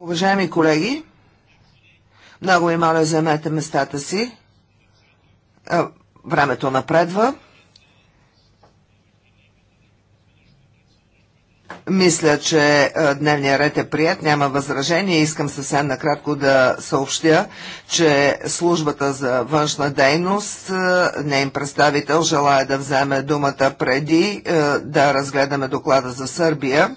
Уважаеми колеги, много ви моля, заемете местата си. Времето напредва. Мисля, че дневния ред е прият, няма възражение. Искам съвсем накратко да съобщя, че службата за външна дейност, нейн представител, желая да вземе думата преди да разгледаме доклада за Сърбия.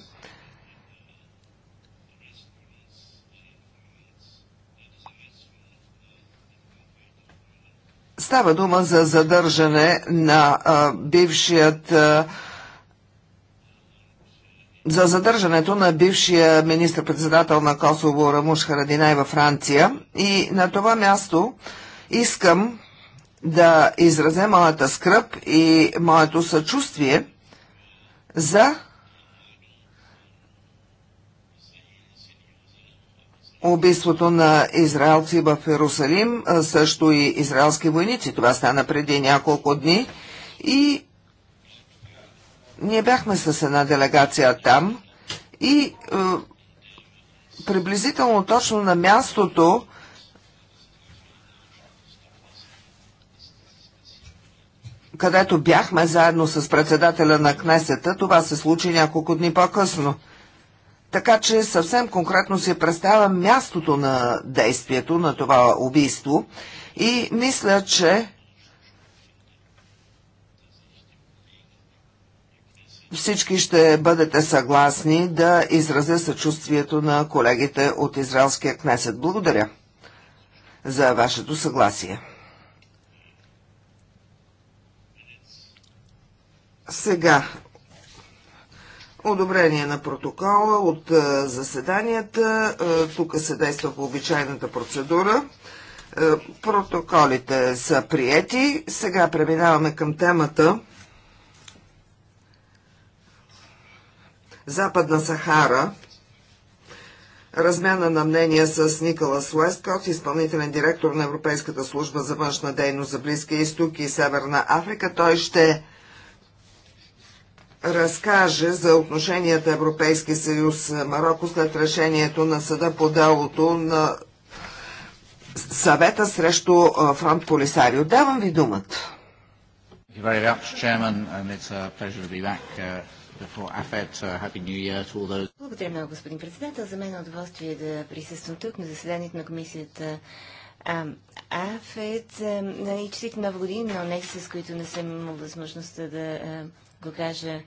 Става дума за задържане на а, бившият а, за задържането на бившия министр-председател на Косово Рамуш Харадинай във Франция и на това място искам да изразя моята скръп и моето съчувствие за убийството на израелци в Иерусалим, също и израелски войници. Това стана преди няколко дни. И ние бяхме с една делегация там и е, приблизително точно на мястото където бяхме заедно с председателя на Кнесета, това се случи няколко дни по-късно. Така че съвсем конкретно си представям мястото на действието на това убийство и мисля, че всички ще бъдете съгласни да изразя съчувствието на колегите от Израелския кнесет. Благодаря за вашето съгласие. Сега Одобрение на протокола от е, заседанията. Е, тук се действа по обичайната процедура. Е, протоколите са приети. Сега преминаваме към темата Западна Сахара. Размяна на мнения с Николас Уесткот, изпълнителен директор на Европейската служба за външна дейност за Близкия изток и Северна Африка. Той ще разкаже за отношенията Европейски съюз Марокко след решението на съда по делото на съвета срещу фронт Полисарио. Давам ви думата. Uh, uh, Благодаря много, господин председател. За мен е удоволствие да присъствам тук на заседанието на комисията АФЕД а, нали, честит нова година на не с които не съм имал възможността да а, го кажа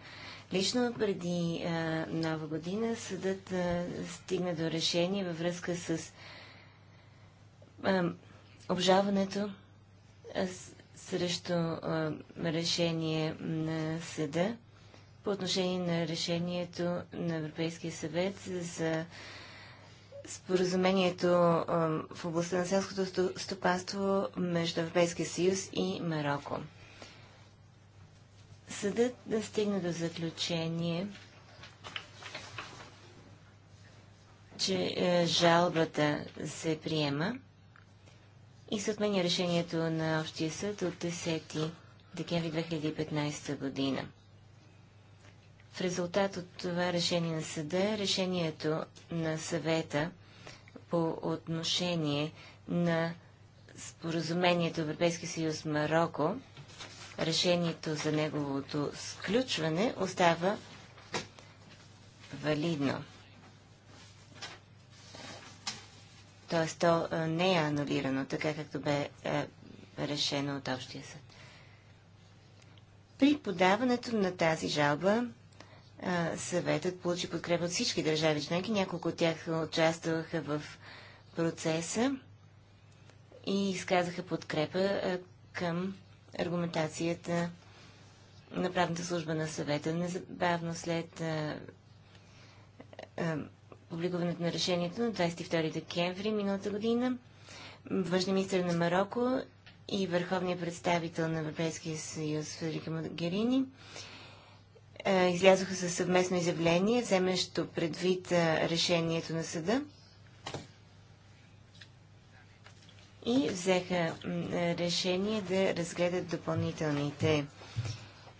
лично. Преди а, нова година съдът а, стигна до решение във връзка с а, обжаването а, срещу а, решение на съда по отношение на решението на Европейския съвет за споразумението а, в областта на селското стопанство между Европейския съюз и Марокко. Съдът да стигна до заключение, че е, жалбата се приема и се отменя решението на Общия съд от 10 декември 2015 година. В резултат от това решение на съда, решението на съвета по отношение на споразумението Европейския съюз Марокко решението за неговото сключване остава валидно. Т.е. то е, не е анулирано, така както бе е, решено от Общия съд. При подаването на тази жалба е, съветът получи подкрепа от всички държави членки. Няколко от тях участваха в процеса и изказаха подкрепа към аргументацията на правната служба на съвета. Незабавно след а, а, публикуването на решението на 22 декември миналата година, външния министр на Марокко и върховният представител на Европейския съюз Федерика Магерини излязоха със съвместно изявление, вземещо предвид решението на съда – и взеха решение да разгледат допълнителните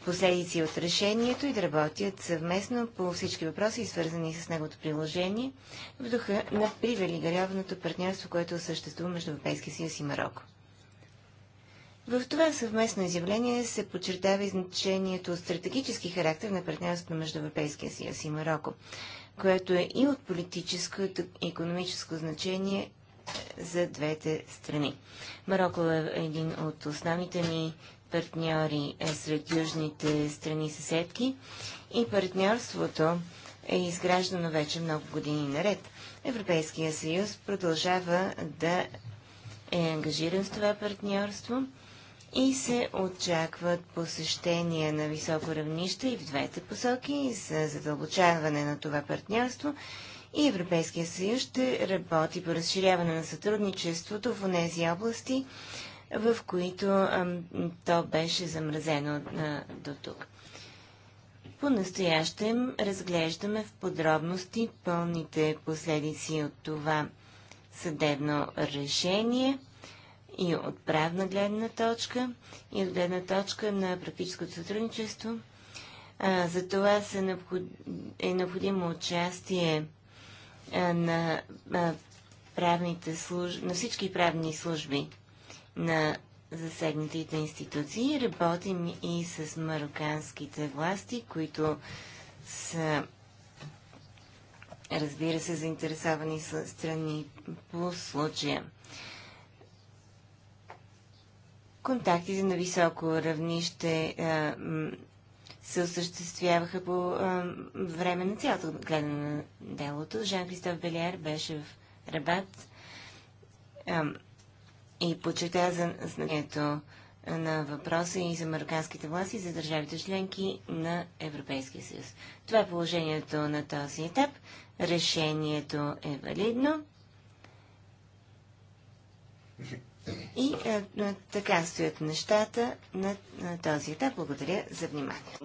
последици от решението и да работят съвместно по всички въпроси, свързани с неговото приложение, в духа на привилегированото партньорство, което съществува между Европейския съюз и Марокко. В това съвместно изявление се подчертава и значението от стратегически характер на партньорството между Европейския съюз и Марокко, което е и от политическо и економическо значение за двете страни. Марокко е един от основните ни партньори е сред южните страни съседки и партньорството е изграждано вече много години наред. Европейския съюз продължава да е ангажиран с това партньорство и се очакват посещения на високо равнище и в двете посоки за задълбочаване на това партньорство и Европейския съюз ще работи по разширяване на сътрудничеството в тези области, в които то беше замразено до тук. По-настоящем разглеждаме в подробности пълните последици от това съдебно решение и от правна гледна точка, и от гледна точка на практическото сътрудничество. за това е необходимо участие е, на е, правните служби, на всички правни служби на засегнатите институции. Работим и с мароканските власти, които са, разбира се, заинтересовани страни по случая. Контактите на високо равнище а, е, се осъществяваха по а, време на цялото гледане на делото. Жан-Кристоф Белиар беше в Рабат а, и подчерта за знанието на въпроса и за марокканските власти, и за държавите членки на Европейския съюз. Това е положението на този етап. Решението е валидно. И а, е, е, така стоят нещата на, на този етап. Благодаря за вниманието.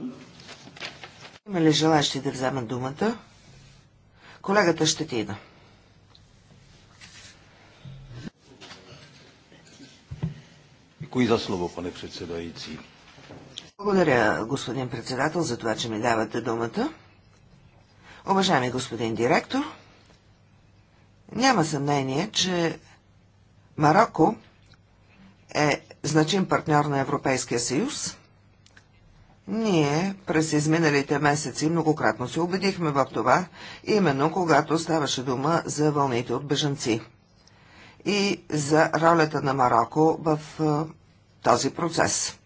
Има ли желащи да вземат думата? Колегата ще ти ида. Кои за слово, пане председайци? Благодаря, господин председател, за това, че ми давате думата. Уважаеми господин директор, няма съмнение, че Марокко е значим партньор на Европейския съюз, ние през изминалите месеци многократно се убедихме в това, именно когато ставаше дума за вълните от бежанци и за ролята на Марокко в е, този процес.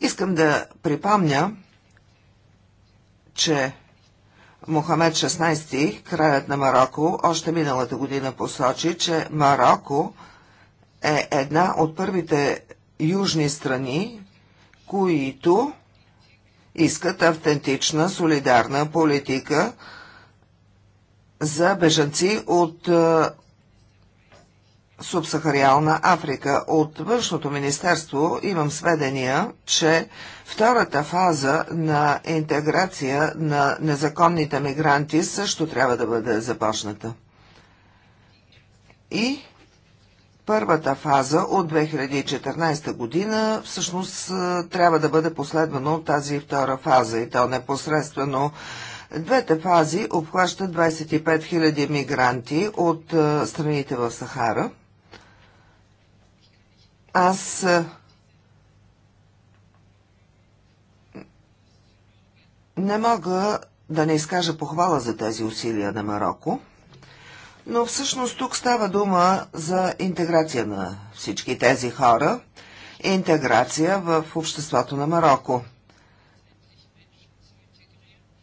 Искам да припомня, че Мохамед XVI, краят на Марокко, още миналата година посочи, че Марокко – е една от първите южни страни, които искат автентична солидарна политика за бежанци от е, Субсахариална Африка. От Външното министерство имам сведения, че втората фаза на интеграция на незаконните мигранти също трябва да бъде започната. И първата фаза от 2014 година всъщност трябва да бъде последвана от тази втора фаза и то непосредствено. Двете фази обхващат 25 000 мигранти от страните в Сахара. Аз не мога да не изкажа похвала за тези усилия на Марокко – но всъщност тук става дума за интеграция на всички тези хора, интеграция в обществото на Марокко.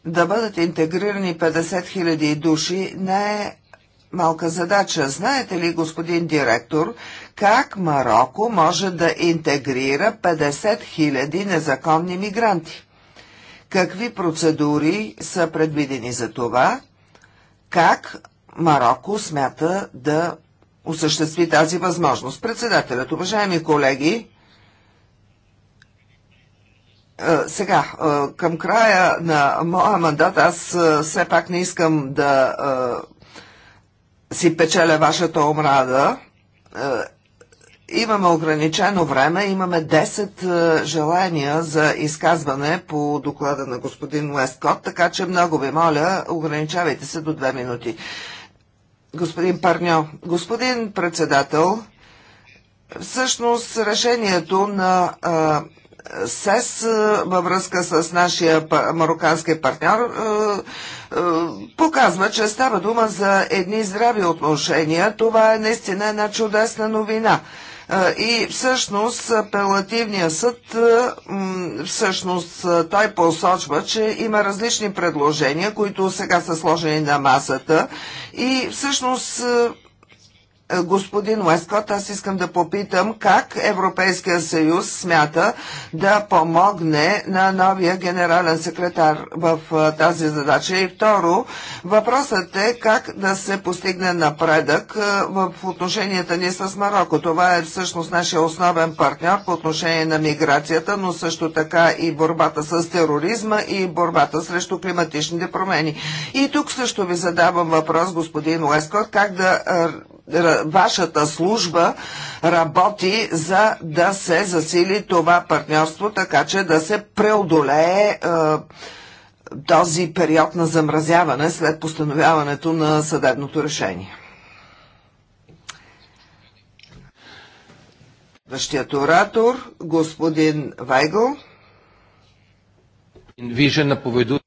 Да бъдат интегрирани 50 000 души не е малка задача. Знаете ли, господин директор, как Марокко може да интегрира 50 000 незаконни мигранти? Какви процедури са предвидени за това? Как Марокко смята да осъществи тази възможност. Председателят, уважаеми колеги, сега, към края на моя мандат аз все пак не искам да си печеля вашата омрада. Имаме ограничено време, имаме 10 желания за изказване по доклада на господин Уесткот, така че много ви моля, ограничавайте се до 2 минути господин Парньо. Господин председател, всъщност решението на СЕС във връзка с нашия марокански партньор показва, че става дума за едни здрави отношения. Това е наистина една чудесна новина. И всъщност апелативният съд, всъщност той посочва, че има различни предложения, които сега са сложени на масата и всъщност е, господин Уескот, аз искам да попитам как Европейския съюз смята да помогне на новия генерален секретар в е, тази задача. И второ, въпросът е как да се постигне напредък е, в отношенията ни с Марокко. Това е всъщност нашия основен партньор по отношение на миграцията, но също така и борбата с тероризма и борбата срещу климатичните промени. И тук също ви задавам въпрос, господин Уескот, как да вашата служба работи за да се засили това партньорство, така че да се преодолее е, този период на замразяване след постановяването на съдебното решение. Въщият оратор, господин Вайгъл.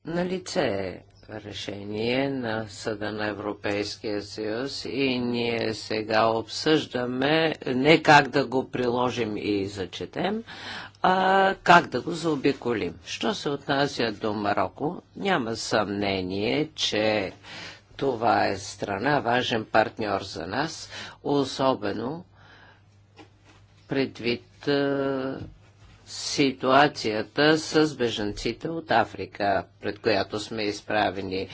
На лице е решение на Съда на Европейския съюз и ние сега обсъждаме не как да го приложим и зачетем, а как да го заобиколим. Що се отнася до Марокко, няма съмнение, че това е страна, важен партньор за нас, особено предвид ситуацията с бежанците от Африка, пред която сме изправени.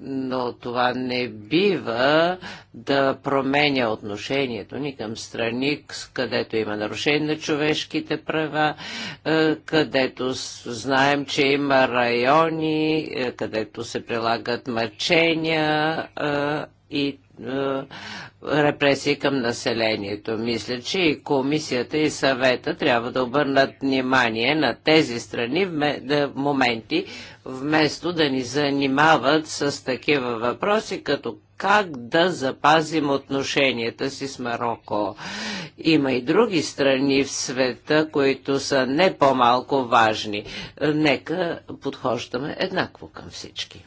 Но това не бива да променя отношението ни към страни, където има нарушение на човешките права, е, където знаем, че има райони, е, където се прилагат мъчения е, и е, репресии към населението. Мисля, че и комисията и съвета трябва да обърнат внимание на тези страни в моменти, вместо да ни занимават с такива въпроси, като как да запазим отношенията си с Марокко. Има и други страни в света, които са не по-малко важни. Е, нека подхождаме еднакво към всички.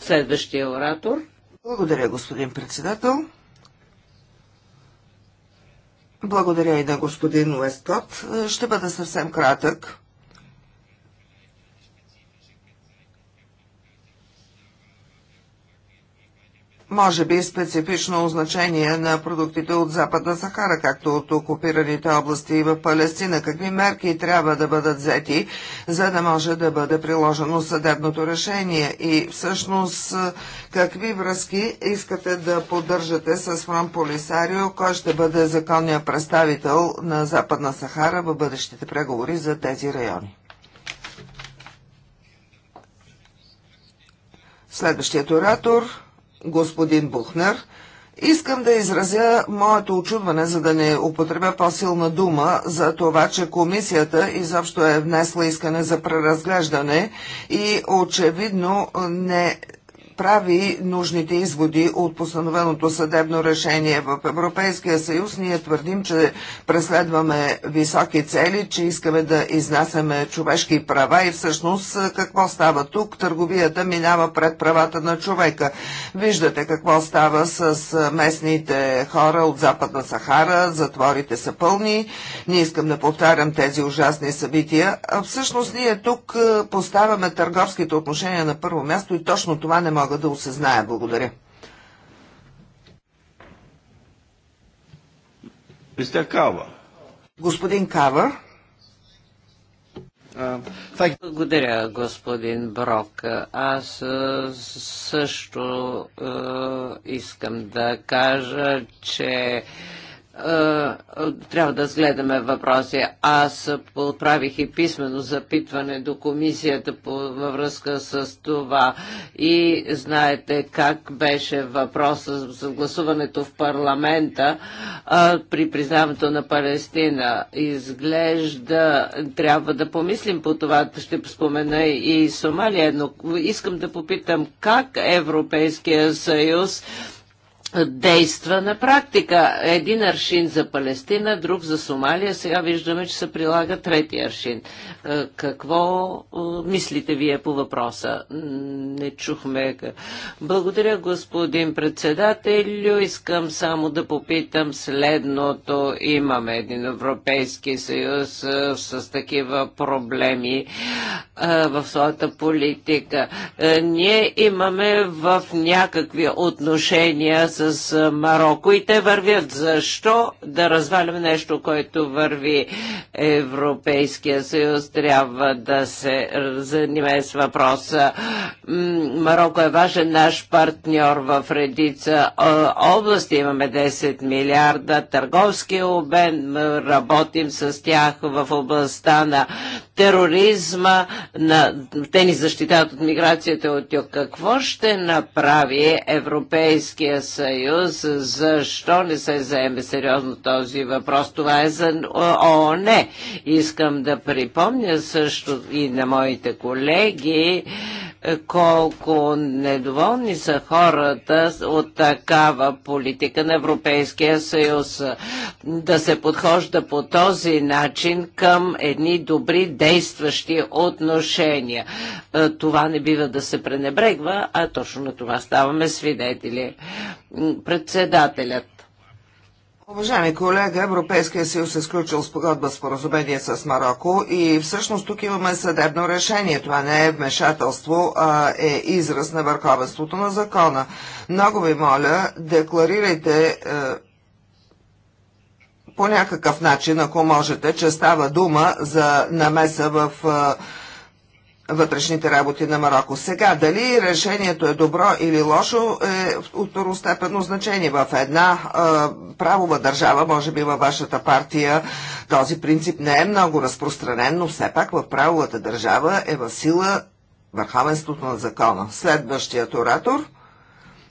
следващия оратор. Благодаря, господин председател. Благодаря и на господин Уесткот. Ще бъда съвсем кратък. може би специфично означение на продуктите от Западна Сахара, както от окупираните области в Палестина. Какви мерки трябва да бъдат взети, за да може да бъде приложено съдебното решение? И всъщност какви връзки искате да поддържате с Фран Полисарио, кой ще бъде законният представител на Западна Сахара в бъдещите преговори за тези райони? Следващият оратор господин Бухнер. Искам да изразя моето очудване, за да не употребя по-силна дума, за това, че комисията изобщо е внесла искане за преразглеждане и очевидно не прави нужните изводи от постановеното съдебно решение в Европейския съюз. Ние твърдим, че преследваме високи цели, че искаме да изнасяме човешки права и всъщност какво става тук? Търговията минава пред правата на човека. Виждате какво става с местните хора от Западна Сахара, затворите са пълни. Не искам да повтарям тези ужасни събития. А всъщност ние тук поставяме търговските отношения на първо място и точно това не може мога да осъзная. Благодаря. Мистер Кава. Господин Кава. Благодаря, господин Брок. Аз също искам да кажа, че е, трябва да разгледаме въпроси. Аз отправих и писмено запитване до комисията по, във връзка с това и знаете как беше въпросът за гласуването в парламента а, при признаването на Палестина. Изглежда, трябва да помислим по това, ще спомена и Сомалия, но искам да попитам как Европейския съюз действа на практика. Един аршин за Палестина, друг за Сомалия. Сега виждаме, че се прилага трети аршин. Е, какво е, мислите вие по въпроса? Не чухме. Благодаря, господин председателю. Искам само да попитам следното. Имаме един Европейски съюз е, с такива проблеми в своята политика. Ние имаме в някакви отношения с с Марокко и те вървят. Защо да развалим нещо, което върви Европейския съюз? Трябва да се занимае с въпроса. Марокко е важен наш партньор в редица области. Имаме 10 милиарда търговски обмен. Работим с тях в областта на тероризма. На... Те ни защитават от миграцията от тях. Какво ще направи Европейския съюз? съюз, защо не се заеме сериозно този въпрос? Това е за ООН. Искам да припомня също и на моите колеги, колко недоволни са хората от такава политика на Европейския съюз. Да се подхожда по този начин към едни добри действащи отношения. Е, това не бива да се пренебрегва, а точно на това ставаме свидетели. Председателят Уважаеми колега, Европейския съюз е сключил спогодба споразумение с Марокко и всъщност тук имаме съдебно решение. Това не е вмешателство, а е израз на върховенството на закона. Много ви моля, декларирайте е, по някакъв начин, ако можете, че става дума за намеса в е, вътрешните работи на Марокко. Сега, дали решението е добро или лошо, е второстепенно значение. В една е, правова държава, може би във вашата партия, този принцип не е много разпространен, но все пак в правовата държава е в сила върховенството на закона. Следващият оратор –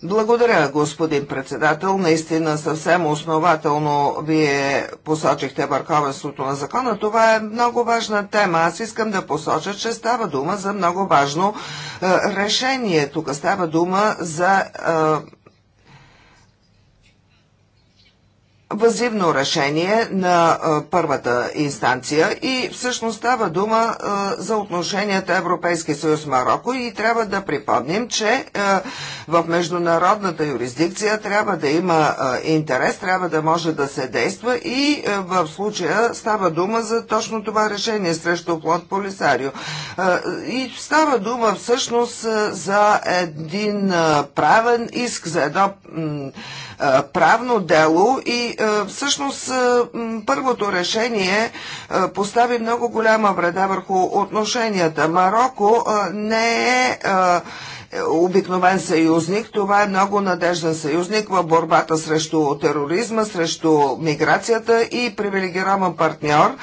благодаря, господин председател. Наистина съвсем основателно вие посочихте върховенството на закона. Това е много важна тема. Аз искам да посоча, че става дума за много важно е, решение. Тук става дума за е, Вазивно решение на а, първата инстанция и всъщност става дума а, за отношенията Европейски съюз Марокко и трябва да припомним, че а, в международната юрисдикция трябва да има интерес, трябва да може да се действа и в случая става дума за точно това решение срещу плод Полисарио. И става дума всъщност за един правен иск, за едно е, правно дело и е, всъщност е, първото решение постави много голяма вреда върху отношенията. Марокко не е обикновен съюзник. Това е много надежден съюзник в борбата срещу тероризма, срещу миграцията и привилегирован партньор е,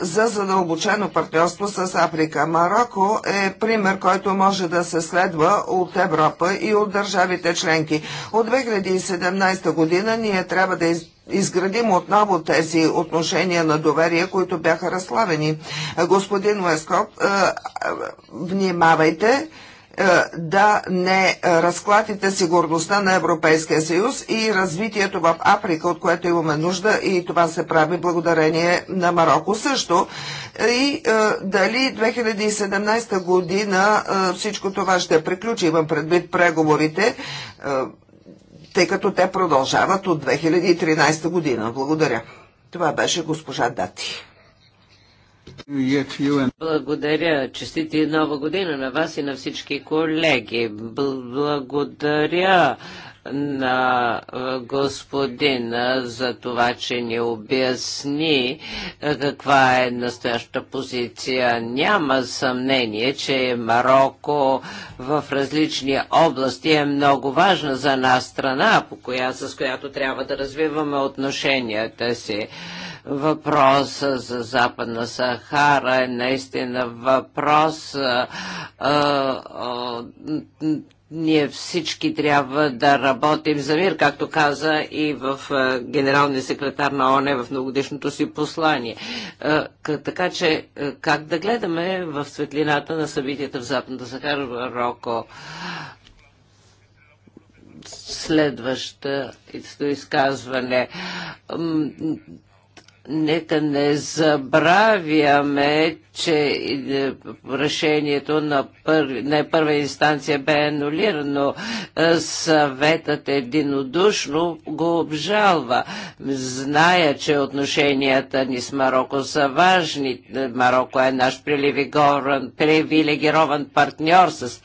за задълбочено партньорство с Африка. Марокко е пример, който може да се следва от Европа и от държавите членки. От 2017 година ние трябва да из изградим отново тези отношения на доверие, които бяха разславени. Господин Уескоп, е, е, внимавайте, е, да не разклатите сигурността на Европейския съюз и развитието в Африка, от което имаме нужда и това се прави благодарение на Марокко също. И е, дали 2017 година е, всичко това ще приключи, имам предвид преговорите, тъй като те продължават от 2013 година. Благодаря. Това беше госпожа Дати. Благодаря. Честити нова година на вас и на всички колеги. Благодаря на господина за това, че ни обясни каква е настояща позиция. Няма съмнение, че Марокко в различни области е много важна за нас страна, по коя, с която трябва да развиваме отношенията си Въпроса за Западна Сахара е наистина въпрос. А, а, ние всички трябва да работим за мир, както каза и в генералния секретар на ОНЕ в многодишното си послание. Така че, как да гледаме в светлината на събитията в Западна Сахара, в Роко? Следващото изказване. Нека не забравяме, че е, решението на, пър... на първа инстанция бе анулирано. Е, съветът единодушно го обжалва. Зная, че отношенията ни с Марокко са важни. Е, Марокко е наш привилегирован партньор с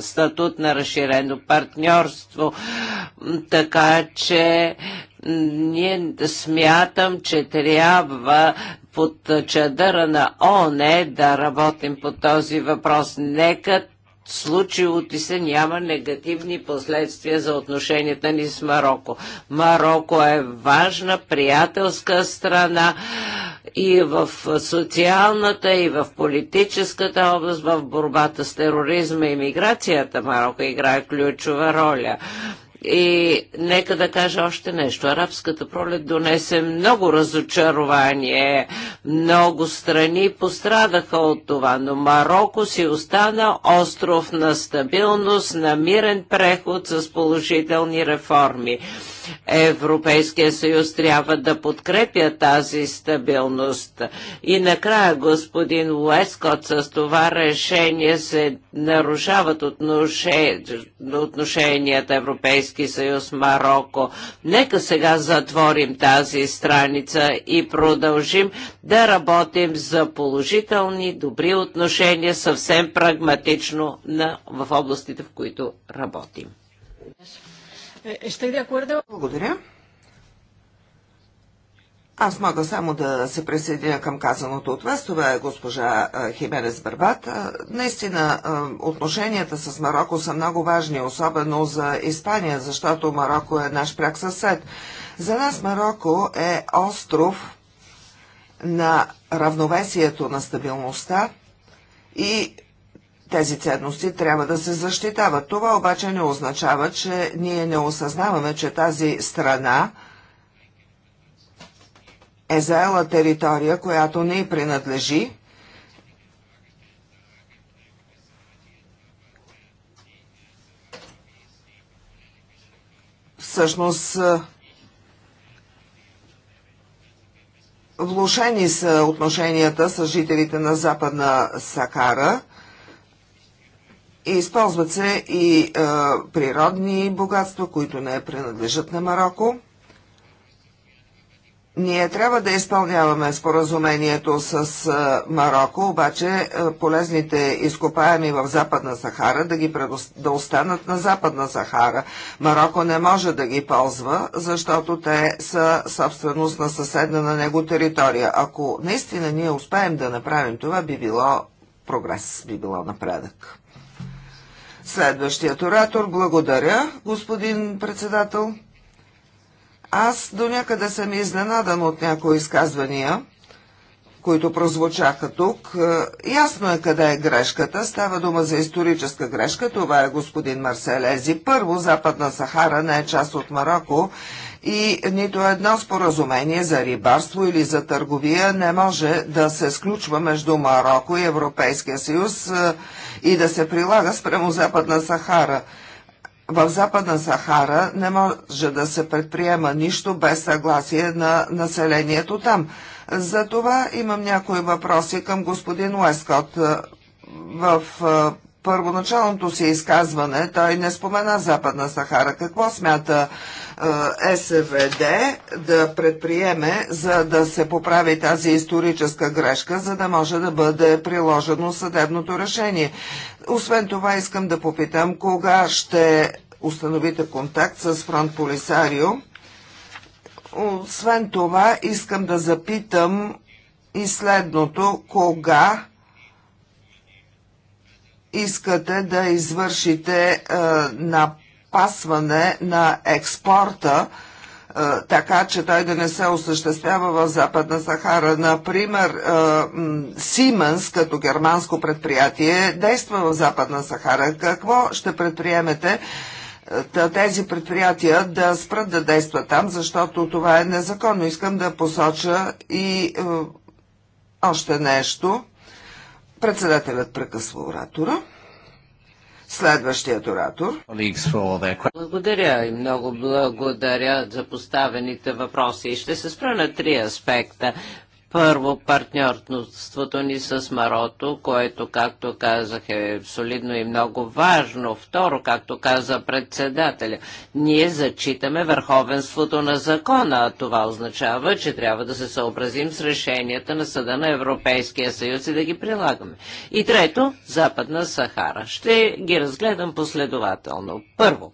статут на разширено партньорство. Така че ние смятам, че трябва под чадъра на ОНЕ да работим по този въпрос. Нека случилото се няма негативни последствия за отношенията ни с Марокко. Марокко е важна приятелска страна и в социалната, и в политическата област, в борбата с тероризма и миграцията Марокко играе ключова роля. И нека да кажа още нещо. Арабската пролет донесе много разочарование. Много страни пострадаха от това, но Марокко си остана остров на стабилност, на мирен преход с положителни реформи. Европейския съюз трябва да подкрепя тази стабилност. И накрая господин Уескот с това решение се нарушават отноше... отношенията Европейски съюз Марокко. Нека сега затворим тази страница и продължим да работим за положителни, добри отношения съвсем прагматично на, в областите, в които работим. Благодаря. Аз мога само да се присъединя към казаното от вас. Това е госпожа Хименес Барбат. Наистина, отношенията с Марокко са много важни, особено за Испания, защото Марокко е наш пряк съсед. За нас Марокко е остров на равновесието на стабилността и тези ценности трябва да се защитават. Това обаче не означава, че ние не осъзнаваме, че тази страна е заела територия, която не й принадлежи. Всъщност, е, влушени са отношенията с жителите на Западна Сакара – Използват се и е, природни богатства, които не принадлежат на Марокко. Ние трябва да изпълняваме споразумението с е, Марокко, обаче е, полезните изкопаеми в Западна Сахара да, ги предост... да останат на Западна Сахара. Марокко не може да ги ползва, защото те са собственост на съседна на него територия. Ако наистина ние успеем да направим това, би било прогрес, би било напредък. Следващият оратор. Благодаря, господин председател. Аз до някъде съм изненадан от някои изказвания които прозвучаха тук. Е, ясно е къде е грешката. Става дума за историческа грешка. Това е господин Марселези. Първо, Западна Сахара не е част от Марокко и нито едно споразумение за рибарство или за търговия не може да се сключва между Марокко и Европейския съюз е, и да се прилага спрямо Западна Сахара. В Западна Сахара не може да се предприема нищо без съгласие на населението там. За това имам някои въпроси към господин Уескот. В първоначалното си изказване той не спомена Западна Сахара. Какво смята СВД да предприеме, за да се поправи тази историческа грешка, за да може да бъде приложено съдебното решение? Освен това искам да попитам кога ще установите контакт с фронт Полисарио освен това, искам да запитам и следното, кога искате да извършите е, напасване на експорта, е, така че той да не се осъществява в Западна Сахара. Например, е, Сименс като германско предприятие действа в Западна Сахара. Какво ще предприемете? Е, тези предприятия да спрат да действат там, защото това е незаконно. Искам да посоча и е, още нещо. Председателят прекъсва оратора. Следващият оратор. Благодаря и много благодаря за поставените въпроси. Ще се спра на три аспекта. Първо, партньорството ни с Марото, което, както казах, е солидно и много важно. Второ, както каза председателя, ние зачитаме върховенството на закона, това означава, че трябва да се съобразим с решенията на Съда на Европейския съюз и да ги прилагаме. И трето, Западна Сахара. Ще ги разгледам последователно. Първо,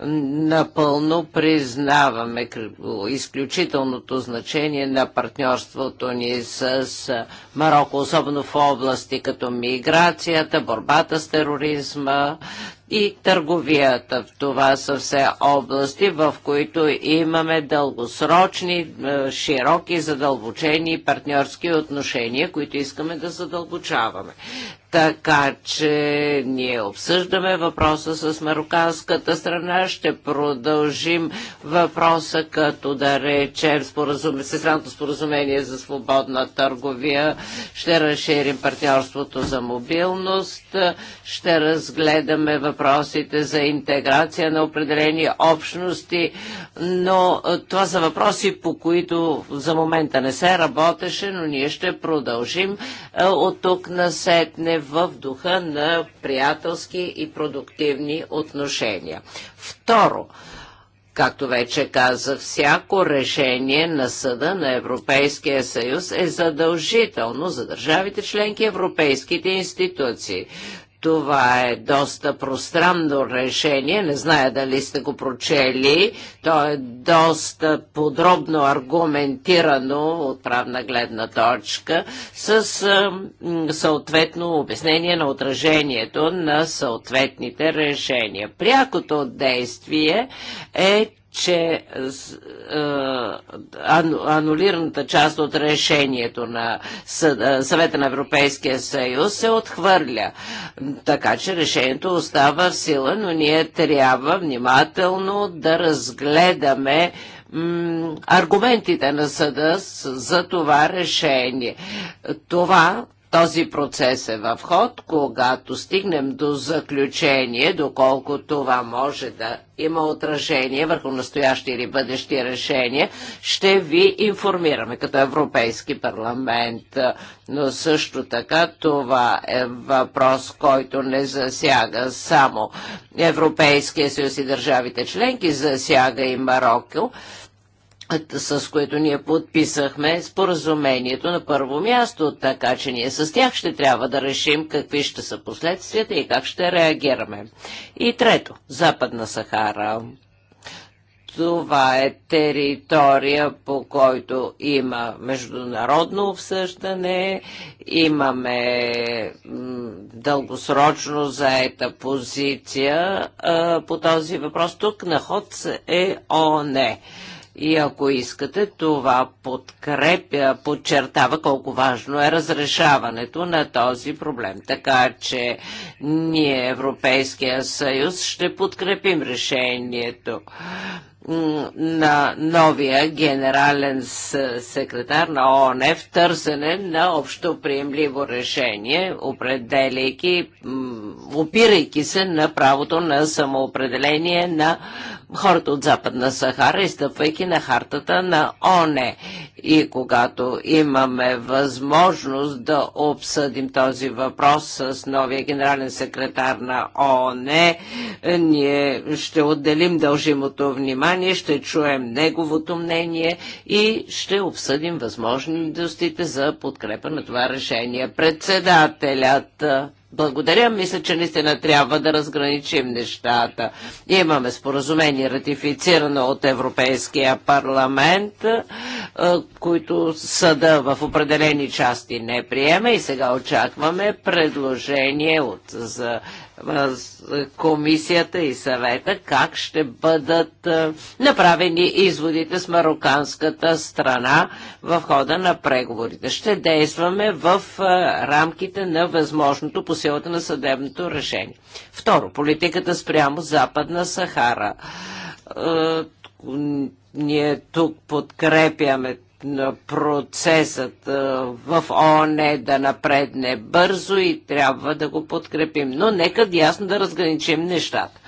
Напълно признаваме изключителното значение на партньорството ни с Марокко, особено в области като миграцията, борбата с тероризма и търговията. Това са все области, в които имаме дългосрочни, е, широки, задълбочени партньорски отношения, които искаме да задълбочаваме. Така че ние обсъждаме въпроса с мароканската страна, ще продължим въпроса като да речем сестранното споразумение за свободна търговия, ще разширим партньорството за мобилност, ще разгледаме въпросите за интеграция на определени общности, но е, това са въпроси, по които за момента не се работеше, но ние ще продължим е, от тук на сетне в духа на приятелски и продуктивни отношения. Второ, Както вече казах, всяко решение на Съда на Европейския съюз е задължително за държавите членки европейските институции. Това е доста пространно решение, не зная дали сте го прочели. То е доста подробно аргументирано от правна гледна точка с съответно обяснение на отражението на съответните решения. Прякото действие е, че е, анулираната част от решението на е, Съвета на Европейския съюз се отхвърля. Така че решението остава в сила, но ние трябва внимателно да разгледаме аргументите на съда за това решение. Това този процес е в ход, когато стигнем до заключение, доколко това може да има отражение върху настоящи или бъдещи решения, ще ви информираме като Европейски парламент. Но също така това е въпрос, който не засяга само Европейския съюз и държавите членки, засяга и Марокко с които ние подписахме споразумението на първо място, така че ние с тях ще трябва да решим какви ще са последствията и как ще реагираме. И трето, Западна Сахара. Това е територия, по който има международно обсъждане, имаме дългосрочно заета позиция по този въпрос. Тук на ход е ОНЕ. И ако искате, това подкрепя, подчертава колко важно е разрешаването на този проблем. Така че ние, Европейския съюз, ще подкрепим решението на новия генерален секретар на ООН в търсене на общо приемливо решение, определяйки, опирайки се на правото на самоопределение на хората от Западна Сахара, изтъпвайки на хартата на ОНЕ. И когато имаме възможност да обсъдим този въпрос с новия генерален секретар на ОНЕ, ние ще отделим дължимото внимание, ще чуем неговото мнение и ще обсъдим възможностите за подкрепа на това решение. Председателят благодаря. Мисля, че наистина трябва да разграничим нещата. Имаме споразумение, ратифицирано от Европейския парламент, е, които съда в определени части не приема и сега очакваме предложение от, за комисията и съвета как ще бъдат е, направени изводите с мароканската страна в хода на преговорите. Ще действаме в е, рамките на възможното по силата на съдебното решение. Второ, политиката спрямо Западна Сахара е, ние тук подкрепяме на процесът в ООН е да напредне бързо и трябва да го подкрепим. Но нека ясно да разграничим нещата.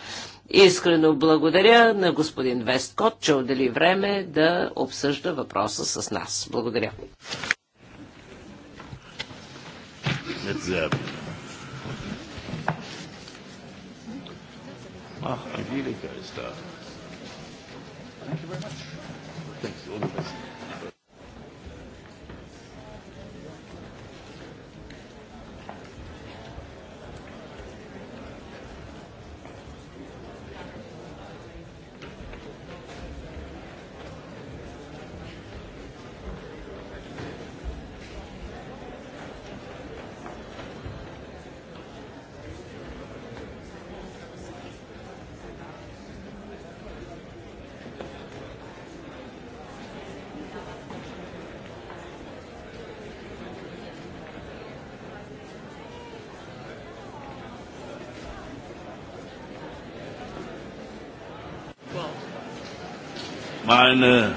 Искрено благодаря на господин Весткот, че отдели време да обсъжда въпроса с нас. Благодаря. Thank you very much. Thanks, all the best. Meine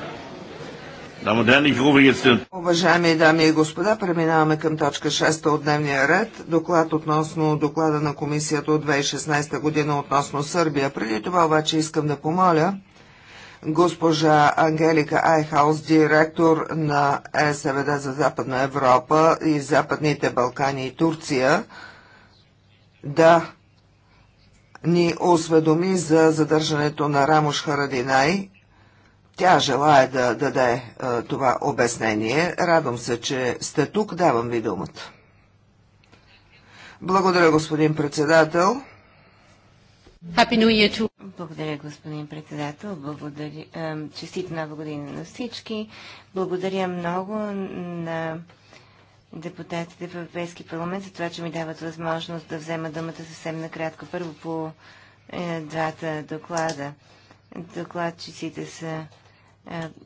Уважаеми дами и господа, преминаваме към точка 6 от дневния ред. Доклад относно доклада на комисията от 2016 година относно Сърбия. Преди това обаче искам да помоля госпожа Ангелика Айхаус, директор на СВД за Западна Европа и Западните Балкани и Турция, да ни осведоми за задържането на Рамош Харадинай, тя желая да даде това обяснение. Радвам се, че сте тук. Давам ви думата. Благодаря, господин председател. Благодаря, господин председател. Благодаря, е, честит нова година на всички. Благодаря много на депутатите в Европейски парламент за това, че ми дават възможност да взема думата съвсем накратко. Първо по е, двата доклада. Докладчиците са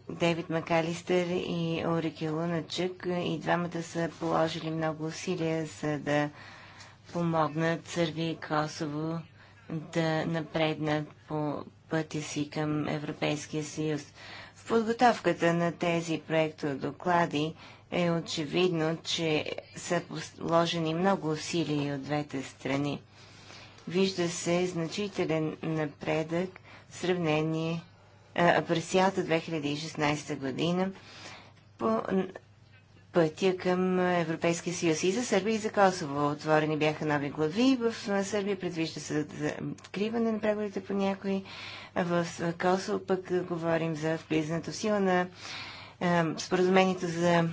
Дейвид Макалистър и Орики Луначък. И двамата са положили много усилия, за да помогнат Сърбия и Косово да напреднат по пътя си към Европейския съюз. В подготовката на тези доклади е очевидно, че са положени много усилия от двете страни. Вижда се значителен напредък в сравнение през цялата 2016 година по пътя към Европейския съюз и за Сърбия и за Косово. Отворени бяха нови глави. В Сърбия предвижда се откриване на преговорите по някои. В Косово пък говорим за влизането в сила на споразумението за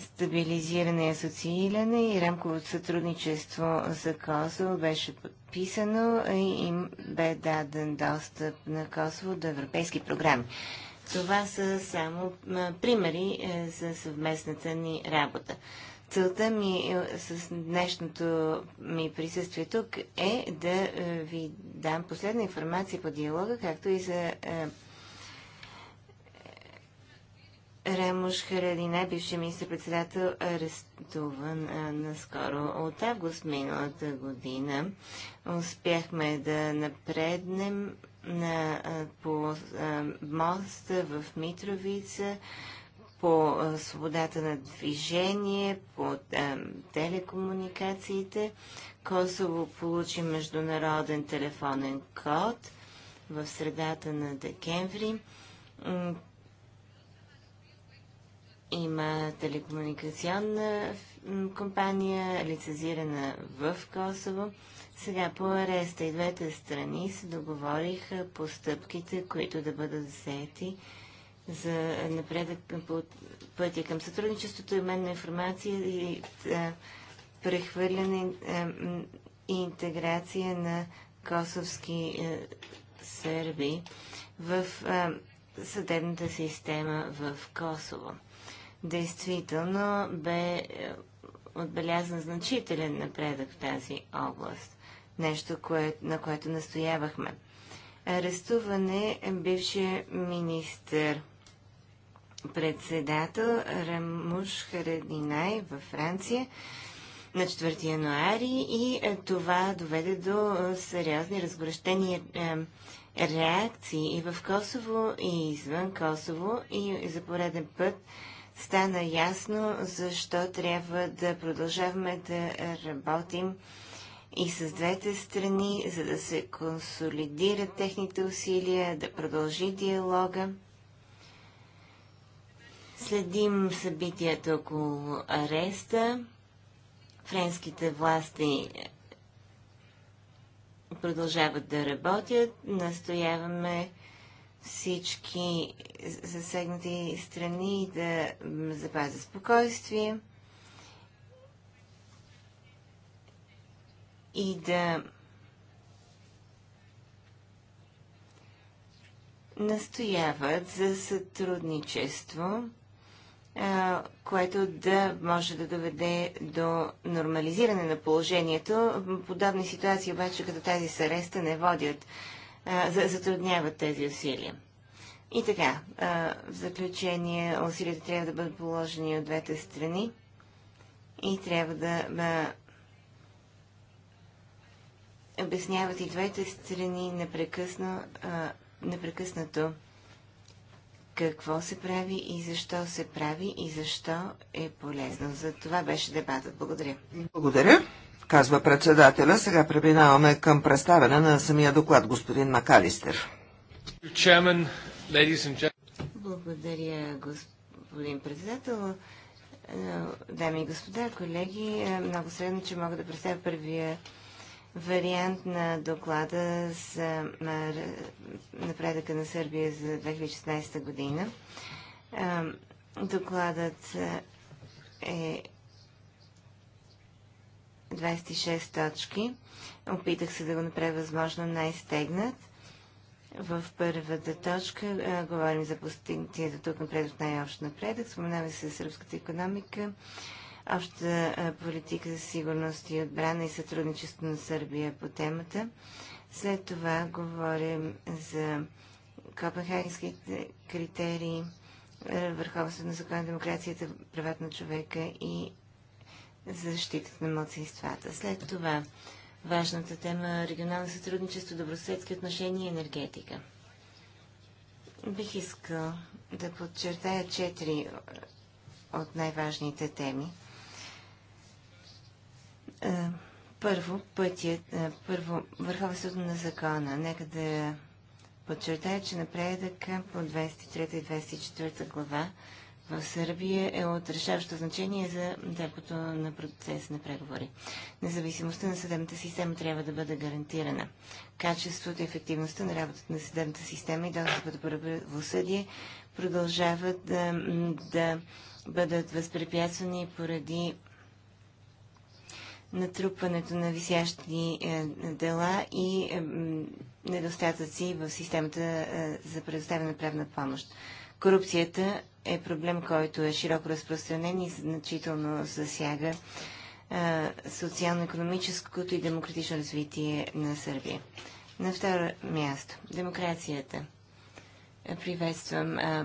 стабилизиране и асоцииране и рамковото сътрудничество за Косово беше подписано и им бе даден достъп на Косово до европейски програми. Това са само примери е, за съвместната ни работа. Целта ми е, с днешното ми присъствие тук е да е, ви дам последна информация по диалога, както и за Ремуш Харадина, бивши министр-председател, арестуван а, наскоро. От август миналата година успяхме да напреднем на, а, по а, моста в Митровица, по свободата на движение, по телекомуникациите. Косово получи международен телефонен код в средата на декември има телекомуникационна компания, лицензирана в Косово. Сега по ареста и двете страни се договориха по стъпките, които да бъдат взети за напредък по пътя към сътрудничеството, обмен на информация и а, прехвърляне и интеграция на косовски а, сърби в съдебната система в Косово действително бе е, отбелязан значителен напредък в тази област. Нещо, кое, на което настоявахме. Арестуване бившия министър председател Рамуш Харединай във Франция на 4 януари и е, това доведе до е, сериозни разгорещени реакции и в Косово, и извън Косово, и за пореден път стана ясно защо трябва да продължаваме да работим и с двете страни, за да се консолидират техните усилия, да продължи диалога. Следим събитията около ареста. Френските власти продължават да работят. Настояваме всички засегнати страни да запазят спокойствие и да настояват за сътрудничество, което да може да доведе до нормализиране на положението. Подобни ситуации обаче като тази с ареста не водят затрудняват тези усилия. И така, в заключение, усилията трябва да бъдат положени от двете страни и трябва да обясняват и двете страни непрекъсно, непрекъснато какво се прави и защо се прави и защо е полезно. За това беше дебатът. Благодаря. Благодаря казва председателя. Сега преминаваме към представяне на самия доклад, господин Макалистер. Благодаря, господин председател. Е, дами и господа, колеги, е, много средно, че мога да представя първия вариант на доклада за е, напредъка на Сърбия за 2016 година. Докладът е 26 точки. Опитах се да го направя възможно най-стегнат. В първата точка а, говорим за постигнатия до тук напредък, най-общ напредък. Споменаваме се сръбската економика, обща политика за сигурност и отбрана и сътрудничество на Сърбия по темата. След това говорим за копенхагенските критерии, върховенството на закона, демокрацията, правата на човека и за защитата на младсинствата. След това важната тема регионално сътрудничество, добросъседски отношения и енергетика. Бих искал да подчертая четири от най-важните теми. Е, първо, пътят, е, първо, върховството на закона. Нека да подчертая, че напредък по 23 и 24 глава в Сърбия е от решаващо значение за темпото на процес на преговори. Независимостта на съдебната система трябва да бъде гарантирана. Качеството и ефективността на работата на съдебната система и достъпа до правосъдие продължават да, да бъдат възпрепятствани поради натрупването на висящи е, дела и е, недостатъци в системата е, за предоставяне на правна помощ. Корупцията е проблем, който е широко разпространен и значително засяга е, социално-економическото и демократично развитие на Сърбия. На второ място, демокрацията. Е, приветствам е,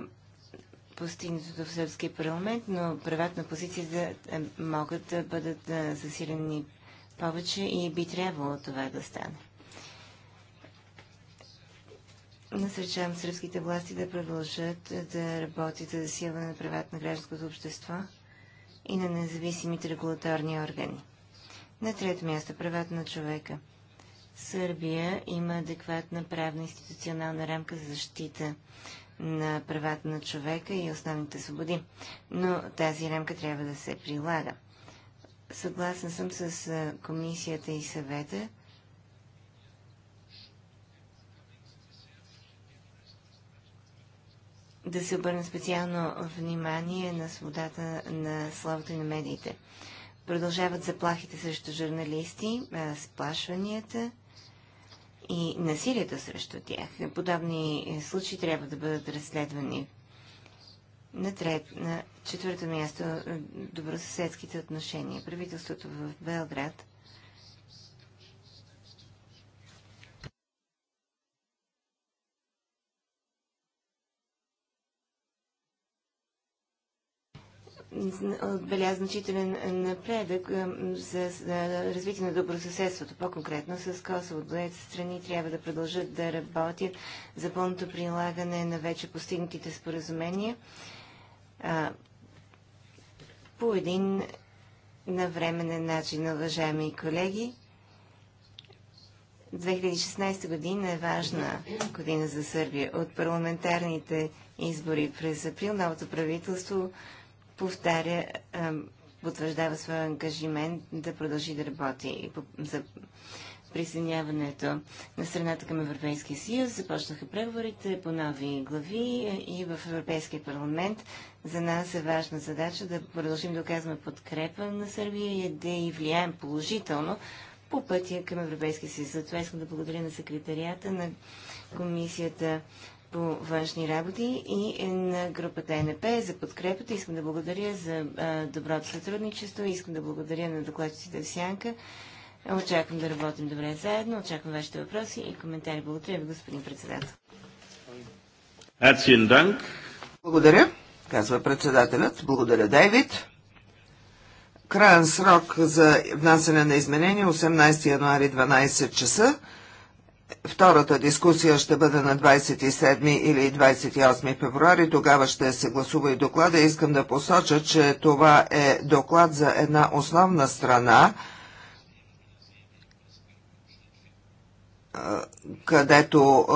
постигнатото в Сърбския парламент, но правата на позицията могат да бъдат засилени повече и би трябвало това да стане насречавам сръбските власти да продължат да работят за засилване на правата на гражданското общество и на независимите регулаторни органи. На трето място правата на човека. Сърбия има адекватна правна институционална рамка за защита на правата на човека и основните свободи, но тази рамка трябва да се прилага. Съгласен съм с комисията и съвета, да се обърне специално внимание на свободата на словото и на медиите. Продължават заплахите срещу журналисти, сплашванията и насилието срещу тях. Подобни е, случаи трябва да бъдат разследвани. На, трет, на четвърто място е, добросъседските отношения. Правителството в Белград отбеля значителен напредък за развитие на добросъседството, по-конкретно с Косово. Двете страни трябва да продължат да работят за пълното прилагане на вече постигнатите споразумения по един навременен начин, уважаеми колеги. 2016 година е важна година за Сърбия. От парламентарните избори през април новото правителство повтаря, потвърждава своя ангажимент да продължи да работи за присъединяването на страната към Европейския съюз. Започнаха преговорите по нови глави и в Европейския парламент. За нас е важна задача да продължим да оказваме подкрепа на Сърбия и да и влияем положително по пътя към Европейския съюз. Затова искам да благодаря на секретарията на комисията по външни работи и на групата НП за подкрепата. Искам да благодаря за доброто сътрудничество. Искам да благодаря на докладчиците в Сянка. Очаквам да работим добре заедно. Очаквам вашите въпроси и коментари. Благодаря ви, господин председател. Благодаря, казва председателят. Благодаря, Дейвид. Краен срок за внасяне на изменения 18 е януари 12 часа. Втората дискусия ще бъде на 27 или 28 февруари. Тогава ще се гласува и доклада. Искам да посоча, че това е доклад за една основна страна – където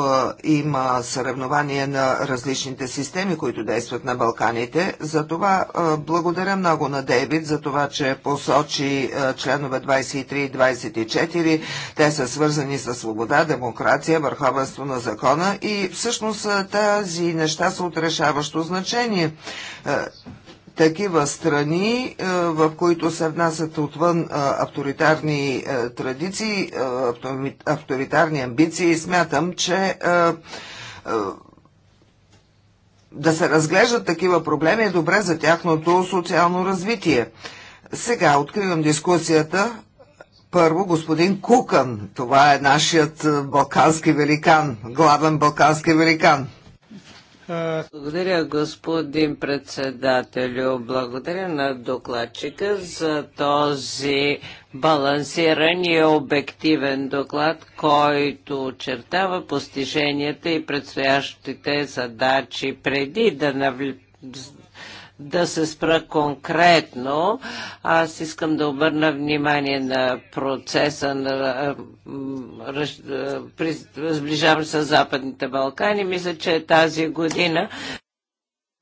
има съревнования на различните системи, които действат на Балканите. За това благодаря много на Дейвид, за това, че посочи членове 23 и 24. Те са свързани с свобода, демокрация, върховенство на закона и всъщност тази неща са отрешаващо значение такива страни, е, в които се внасят отвън е, авторитарни е, традиции, авторитарни амбиции. Смятам, че да се разглеждат такива проблеми е добре за тяхното социално развитие. Сега откривам дискусията. Първо, господин Кукан. Това е нашият балкански великан, главен балкански великан. Благодаря, господин председателю. Благодаря на докладчика за този балансиран и обективен доклад, който очертава постиженията и предстоящите задачи преди да навлезем да се спра конкретно. Аз искам да обърна внимание на процеса на сближаване с Западните Балкани. Мисля, че тази година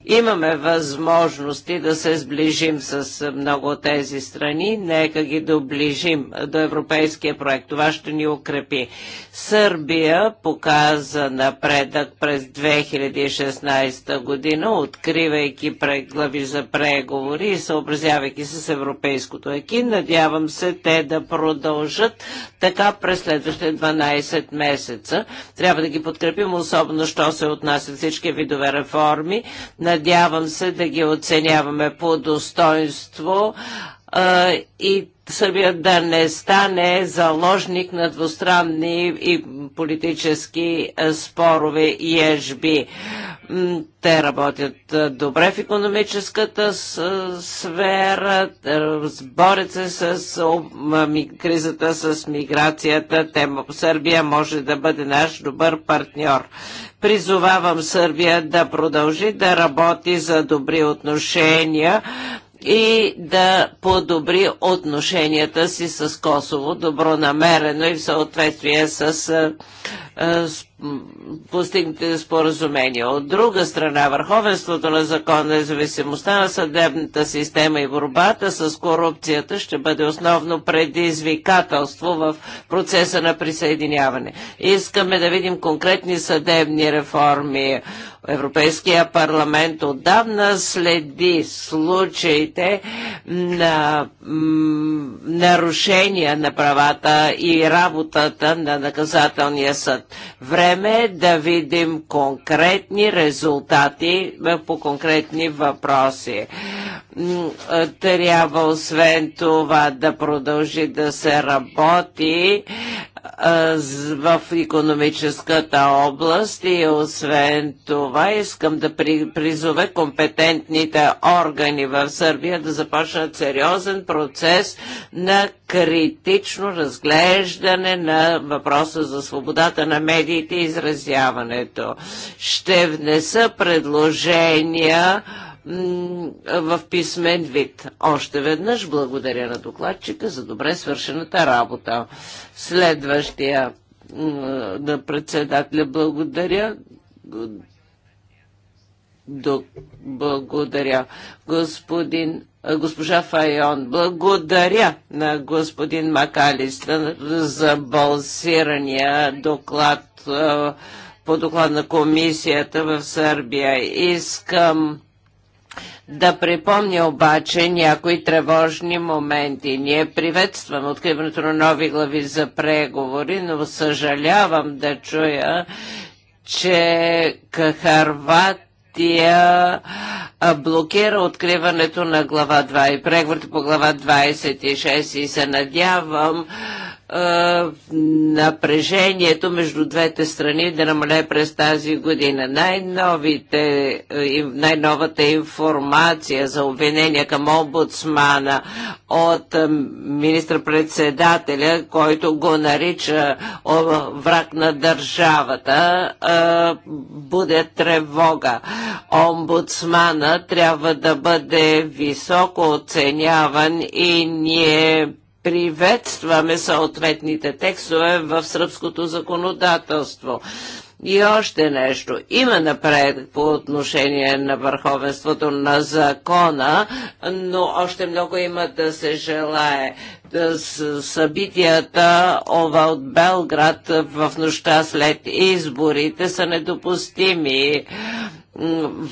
Имаме възможности да се сближим с много от тези страни, нека ги доближим до европейския проект. Това ще ни укрепи. Сърбия показа напредък през 2016 година, откривайки преглави за преговори и съобразявайки с европейското еки. Надявам се те да продължат така през следващите 12 месеца. Трябва да ги подкрепим, особено що се отнасят всички видове реформи. На Надявам се да ги оценяваме по достоинство и Сърбия да не стане заложник на двустранни и политически спорове и ежби. Те работят добре в економическата сфера, борят се с кризата с миграцията. Сърбия може да бъде наш добър партньор. Призовавам Сърбия да продължи да работи за добри отношения и да подобри отношенията си с Косово добронамерено и в съответствие с постигнатите споразумения. От друга страна, върховенството на закон, независимостта на съдебната система и борбата с корупцията ще бъде основно предизвикателство в процеса на присъединяване. Искаме да видим конкретни съдебни реформи. Европейския парламент отдавна следи случаите на нарушения на правата и работата на наказателния съд. Време време да видим конкретни резултати по конкретни въпроси. Трябва освен това да продължи да се работи в економическата област и освен това искам да призове компетентните органи в Сърбия да започнат сериозен процес на критично разглеждане на въпроса за свободата на медиите изразяването. Ще внеса предложения в писмен вид. Още веднъж благодаря на докладчика за добре свършената работа. Следващия на председателя благодаря. Благодаря. Господин госпожа Файон. Благодаря на господин Макалистън за балсирания доклад по доклад на комисията в Сърбия. Искам да припомня обаче някои тревожни моменти. Ние приветствам откриването на нови глави за преговори, но съжалявам да чуя, че Харват партия блокира откриването на глава 2 и преговорите по глава 26 и се надявам напрежението между двете страни да намале през тази година. Най-новите, най-новата информация за обвинения към омбудсмана от министр-председателя, който го нарича враг на държавата, буде тревога. Омбудсмана трябва да бъде високо оценяван и ние приветстваме съответните текстове в сръбското законодателство. И още нещо. Има напред по отношение на върховенството на закона, но още много има да се желае. събитията ова от Белград в нощта след изборите са недопустими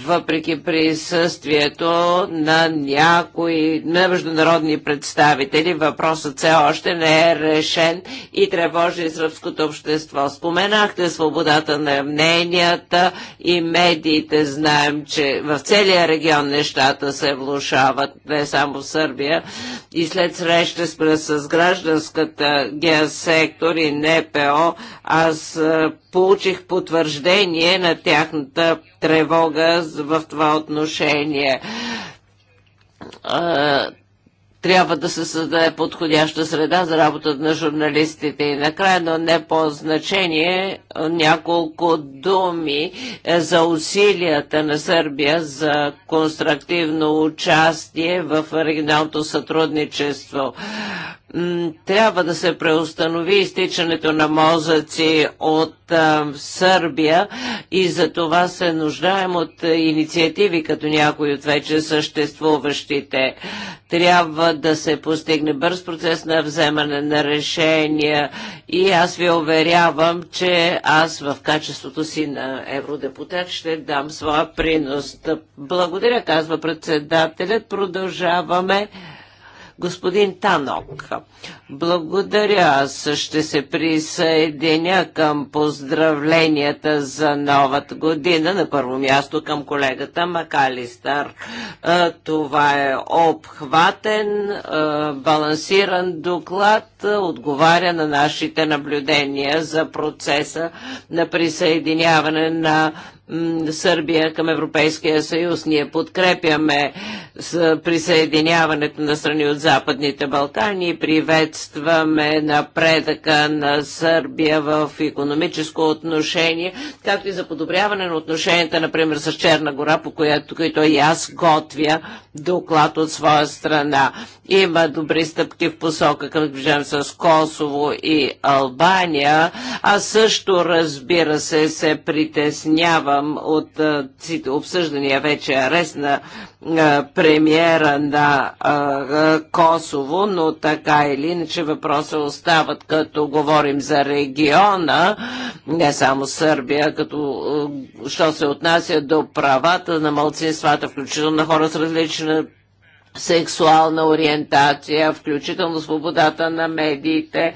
въпреки присъствието на някои на международни представители, въпросът все още не е решен и тревожи сръбското общество. Споменахте свободата на мненията и медиите. Знаем, че в целия регион нещата се влушават, не само в Сърбия, и след среща с гражданската геосектор и НПО, аз получих потвърждение на тяхната тревога в това отношение трябва да се създаде подходяща среда за работата на журналистите. И накрая, но не по значение, няколко думи е, за усилията на Сърбия за конструктивно участие в регионалното сътрудничество трябва да се преустанови изтичането на мозъци от а, Сърбия и за това се нуждаем от инициативи, като някои от вече съществуващите. Трябва да се постигне бърз процес на вземане на решения и аз ви уверявам, че аз в качеството си на евродепутат ще дам своя принос. Благодаря, казва председателят. Продължаваме. Господин Танок, благодаря. Аз ще се присъединя към поздравленията за новата година. На първо място към колегата Макалистър. Това е обхватен, балансиран доклад, отговаря на нашите наблюдения за процеса на присъединяване на Сърбия към Европейския съюз. Ние подкрепяме с присъединяването на страни от Западните Балкани. Приветстваме напредъка на Сърбия в економическо отношение, както и за подобряване на отношенията, например, с Черна гора, по която, който и аз готвя доклад от своя страна. Има добри стъпки в посока към сближаване с Косово и Албания, а също, разбира се, се притеснява от обсъждания вече арест на премиера на Косово, но така или иначе въпроса остават, като говорим за региона, не само Сърбия, като що се отнася до правата на малцинствата, включително на хора с различна сексуална ориентация, включително свободата на медиите,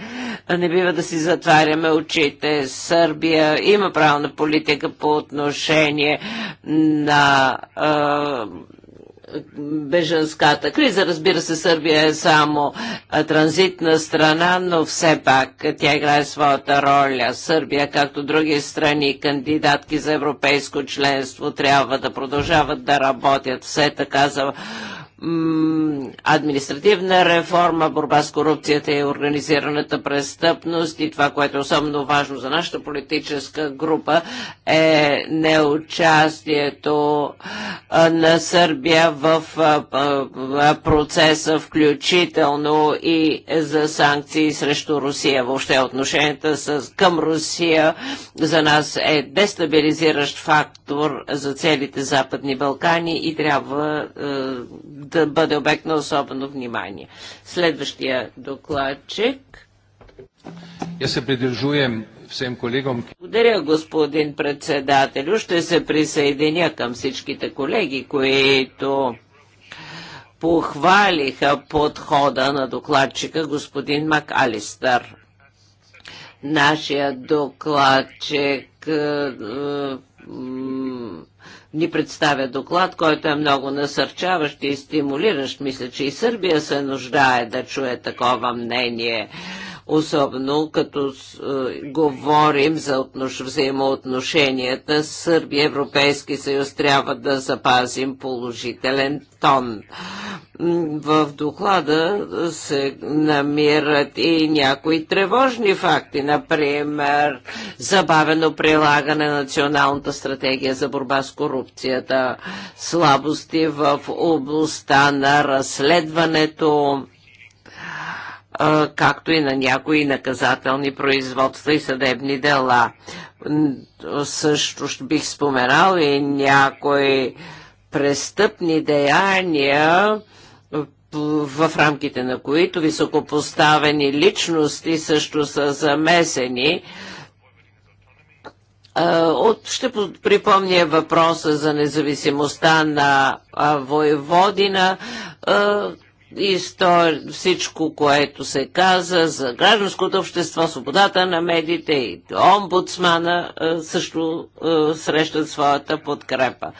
не бива да си затваряме очите. Сърбия има правна политика по отношение на беженската криза. Разбира се, Сърбия е само транзитна страна, но все пак тя играе своята роля. Сърбия, както други страни, кандидатки за европейско членство, трябва да продължават да работят все така за административна реформа, борба с корупцията и организираната престъпност и това, което е особено важно за нашата политическа група е неучастието на Сърбия в процеса, включително и за санкции срещу Русия. Въобще отношенията с, към Русия за нас е дестабилизиращ фактор за целите Западни Балкани и трябва да бъде обект на особено внимание. Следващия докладчик. Я се придържуем всем колегам. Благодаря, господин председателю. Ще се присъединя към всичките колеги, които похвалиха подхода на докладчика господин МакАлистър. Нашия докладчик е, ни представя доклад, който е много насърчаващ и стимулиращ. Мисля, че и Сърбия се нуждае да чуе такова мнение особено като е, говорим за отнош... взаимоотношенията Сърбия-Европейски съюз, трябва да запазим положителен тон. В доклада се намират и някои тревожни факти, например забавено прилагане на националната стратегия за борба с корупцията, слабости в областта на разследването, както и на някои наказателни производства и съдебни дела. Също бих споменал и някои престъпни деяния, в рамките на които високопоставени личности също са замесени. От, ще припомня въпроса за независимостта на Войводина и всичко, което се каза за гражданското общество, свободата на медиите и омбудсмана също срещат своята подкрепа.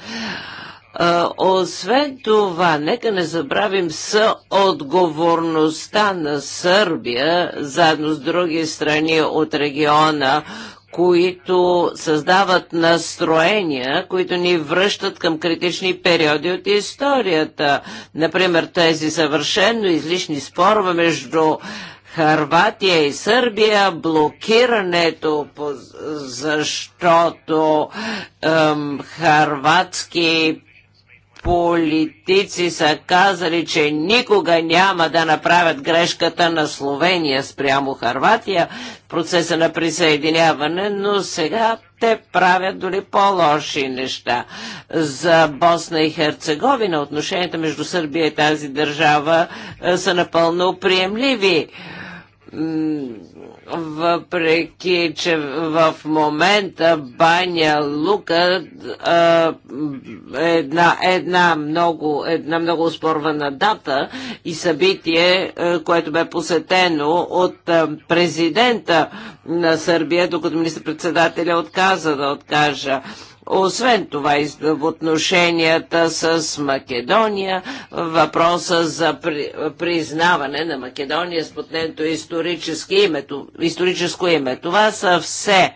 Освен това, нека не забравим с отговорността на Сърбия, заедно с други страни от региона, които създават настроения, които ни връщат към критични периоди от историята. Например, тези съвършенно излишни спорове между Харватия и Сърбия, блокирането, защото ем, харватски политици са казали, че никога няма да направят грешката на Словения спрямо Харватия в процеса на присъединяване, но сега те правят дори по-лоши неща. За Босна и Херцеговина отношенията между Сърбия и тази държава е, са напълно приемливи въпреки че в момента Баня Лука е една, една, много, една много спорвана дата и събитие, което бе посетено от президента на Сърбия, докато министър-председателя отказа да откажа. Освен това, в отношенията с Македония, въпроса за при, признаване на Македония с потненто историческо име. Това са все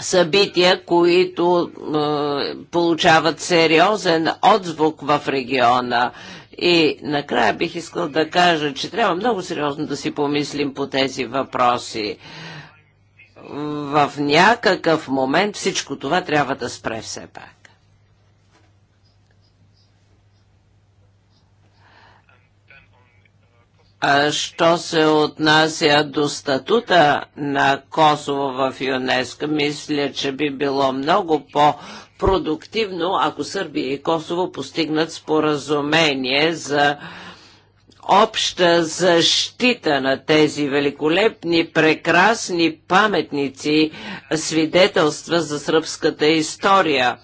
събития, които е, получават сериозен отзвук в региона. И накрая бих искал да кажа, че трябва много сериозно да си помислим по тези въпроси. Е, в някакъв момент всичко това трябва да спре все пак. А що се отнася до статута на Косово в ЮНЕСКО, мисля, че би било много по- продуктивно, ако Сърбия и Косово постигнат споразумение за обща защита на тези великолепни, прекрасни паметници, свидетелства за сръбската история.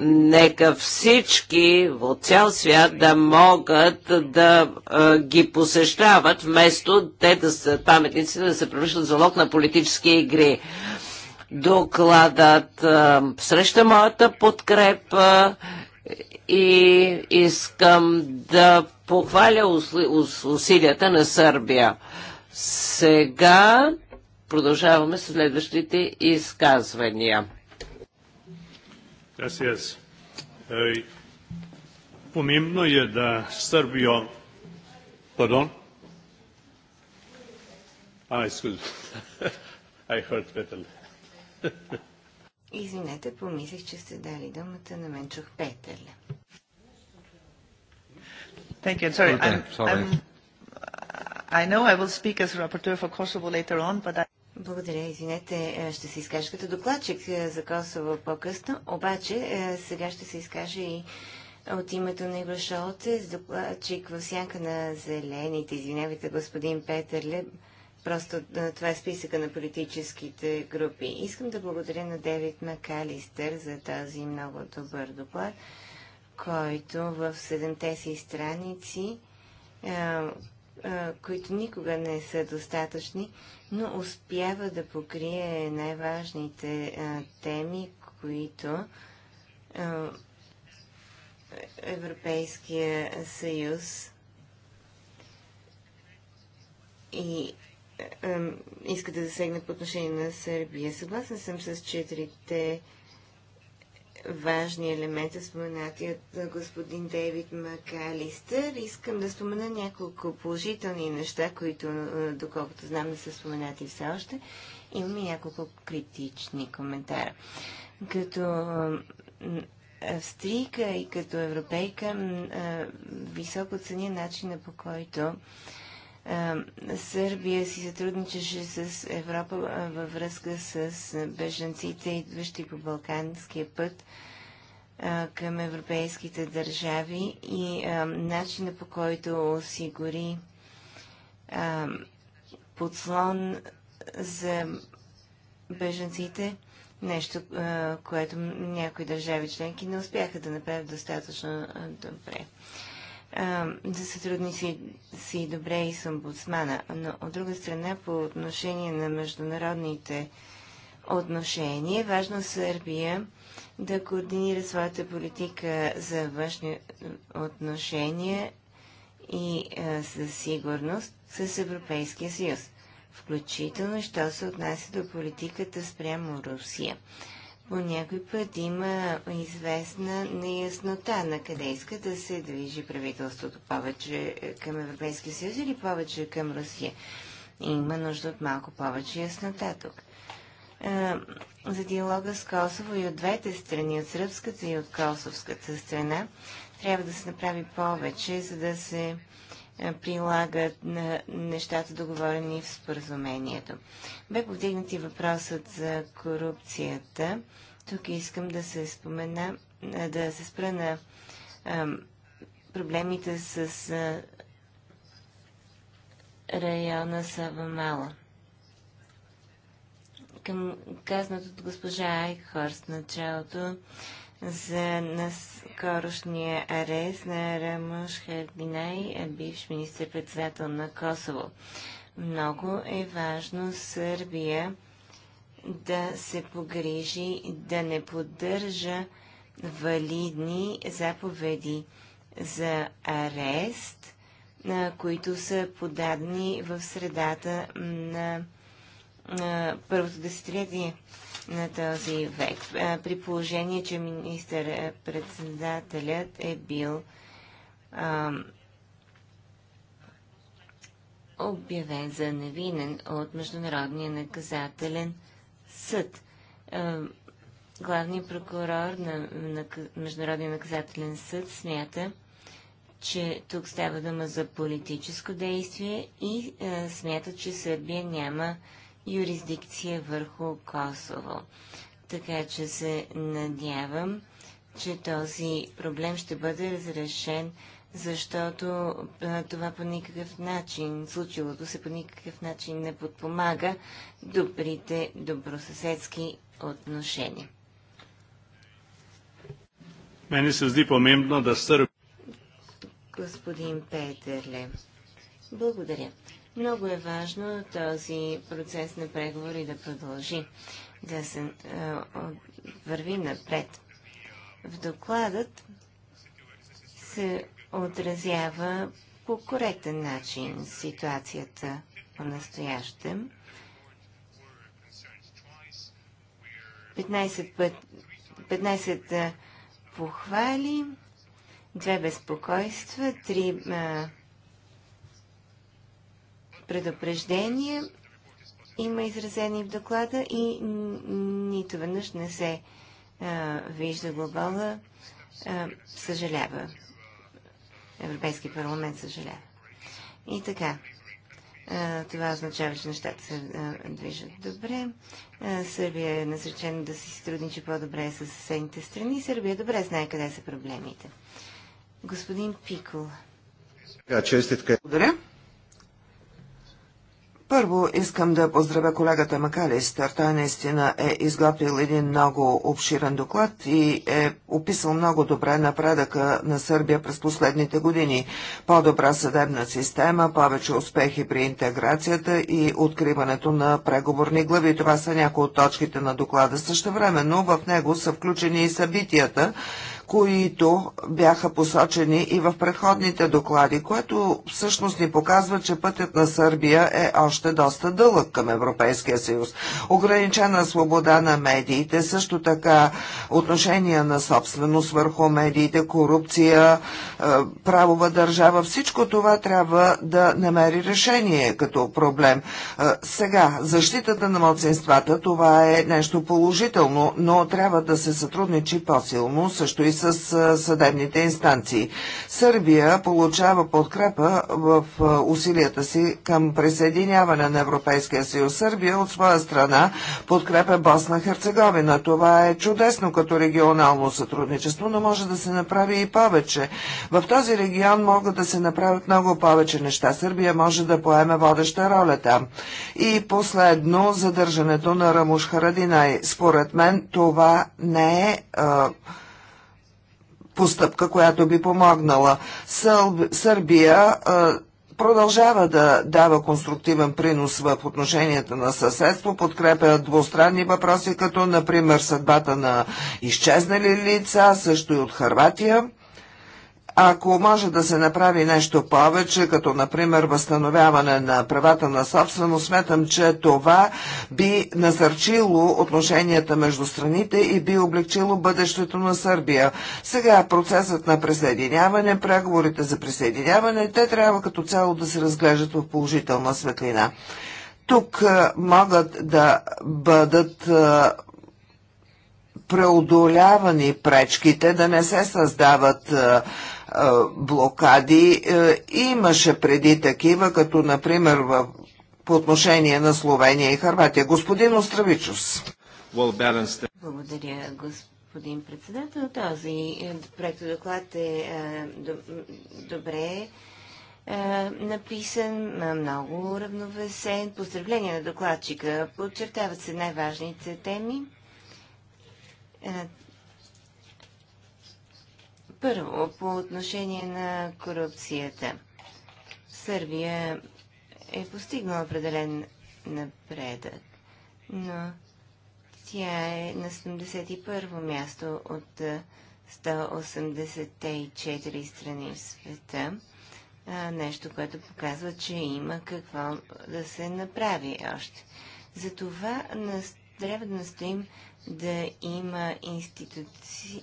Нека всички от цял свят да могат да а, ги посещават, вместо те да са паметници, да се превръщат залог на политически игри докладът среща моята подкрепа и искам да похваля усилията на Сърбия. Сега продължаваме с следващите изказвания. Gracias. Е, помимно е да Сърбия... Pardon? Ah, it's I heard better. Извинете, помислих, че сте дали думата на Менчух Петър. Thank you. Sorry, е. I'm, I'm, I know I will speak as rapporteur for Kosovo later on, but I... Благодаря, извинете, е, ще се изкажа като докладчик е, за Косово по-късно, обаче сега ще се изкажа и от името на Игор Шолтес, докладчик в сянка на зелените, извинявайте господин Леб, просто това е списъка на политическите групи. Искам да благодаря на Девид Макалистър за този много добър доклад който в седемте си страници, а, а, които никога не са достатъчни, но успява да покрие най-важните теми, които а, Европейския съюз и иска да засегне по отношение на Сърбия. Съгласен съм с четирите важни елемента, споменати от господин Дейвид Макалистър. Искам да спомена няколко положителни неща, които, доколкото знам, не са споменати все още. Имаме няколко критични коментара. Като австрийка и като европейка високо ценя начина по който е, Сърбия си сътрудничеше с Европа във връзка с бежанците, идващи по Балканския път към европейските държави и начина по който осигури подслон за бежанците, нещо, което някои държави членки не успяха да направят достатъчно добре да сътрудници си добре и с омбудсмана. Но от друга страна, по отношение на международните отношения, важно Сърбия да координира своята политика за външни отношения и а, със сигурност с Европейския съюз, включително що се отнася до политиката спрямо Русия по някой път има известна неяснота на къде иска да се движи правителството повече е, към Европейския съюз или повече към Русия. Има нужда от малко повече яснота тук. Е, за диалога с Косово и от двете страни, от сръбската и от косовската страна, трябва да се направи повече, за да се прилагат на нещата договорени в споразумението. Бе повдигнати въпросът за корупцията. Тук искам да се спомена, да се спра на проблемите с района Савамала. Към казнат от госпожа Айкхорст началото, за наскорошния арест на Рамош Харбинай, бивш министр-председател на Косово. Много е важно Сърбия да се погрижи да не поддържа валидни заповеди за арест, които са подадени в средата на първото десетилетие на този век. При положение, че министър-председателят е бил обявен за невинен от Международния наказателен съд. главният прокурор на, на Международния наказателен съд смята, че тук става дума за политическо действие и а, смята, че Сърбия няма юрисдикция върху Косово. Така че се надявам, че този проблем ще бъде разрешен, защото това по никакъв начин, случилото се по никакъв начин не подпомага добрите добросъседски отношения. Мене се зди помембно да стърп. Господин Петерле, благодаря. Много е важно този процес на преговори да продължи, да се а, е, върви напред. В докладът се отразява по коректен начин ситуацията по настоящем. 15, път, 15 е, похвали, две безпокойства, три а, е, предупреждение има изразени в доклада и нито веднъж не се а, вижда глобала. А, съжалява. Европейски парламент съжалява. И така. А, това означава, че нещата се а, движат добре. А, Сърбия е насречена да си сътрудничи по-добре с съседните страни. Сърбия добре знае къде са проблемите. Господин Пикол. Благодаря. Първо искам да поздравя колегата Макалистър. Той наистина е изготвил един много обширен доклад и е описал много добре напредъка на Сърбия през последните години. По-добра съдебна система, повече успехи при интеграцията и откриването на преговорни глави. Това са някои от точките на доклада. Същевременно в него са включени и събитията, които бяха посочени и в предходните доклади, което всъщност ни показва, че пътят на Сърбия е още доста дълъг към Европейския съюз. Ограничена свобода на медиите, също така отношения на собственост върху медиите, корупция, е, правова държава, всичко това трябва да намери решение като проблем. Е, сега, защитата на младсинствата, това е нещо положително, но трябва да се сътрудничи по-силно също и с съдебните инстанции. Сърбия получава подкрепа в усилията си към присъединяване на Европейския съюз. Сърбия от своя страна подкрепя Босна Херцеговина. Това е чудесно като регионално сътрудничество, но може да се направи и повече. В този регион могат да се направят много повече неща. Сърбия може да поеме водеща роля там. И последно, задържането на Рамуш Харадинай. Според мен това не е а, постъпка, която би помогнала. Сърбия продължава да дава конструктивен принос в отношенията на съседство, подкрепя двустранни въпроси, като например съдбата на изчезнали лица, също и от Харватия. Ако може да се направи нещо повече, като например възстановяване на правата на собственост, сметам, че това би насърчило отношенията между страните и би облегчило бъдещето на Сърбия. Сега процесът на присъединяване, преговорите за присъединяване, те трябва като цяло да се разглеждат в положителна светлина. Тук е, могат да бъдат е, преодолявани пречките, да не се създават е, блокади. Е, имаше преди такива, като например в, по отношение на Словения и Харватия. Господин Остравичус. Благодаря, господин председател. Този проектодоклад е, е, е добре написан, много равновесен. Поздравление на докладчика. Подчертават се най-важните теми. Първо, по отношение на корупцията. Сърбия е постигнала определен напредък, но тя е на 71-во място от 184 страни в света. Нещо, което показва, че има какво да се направи още. Затова нас, трябва да настоим да има институци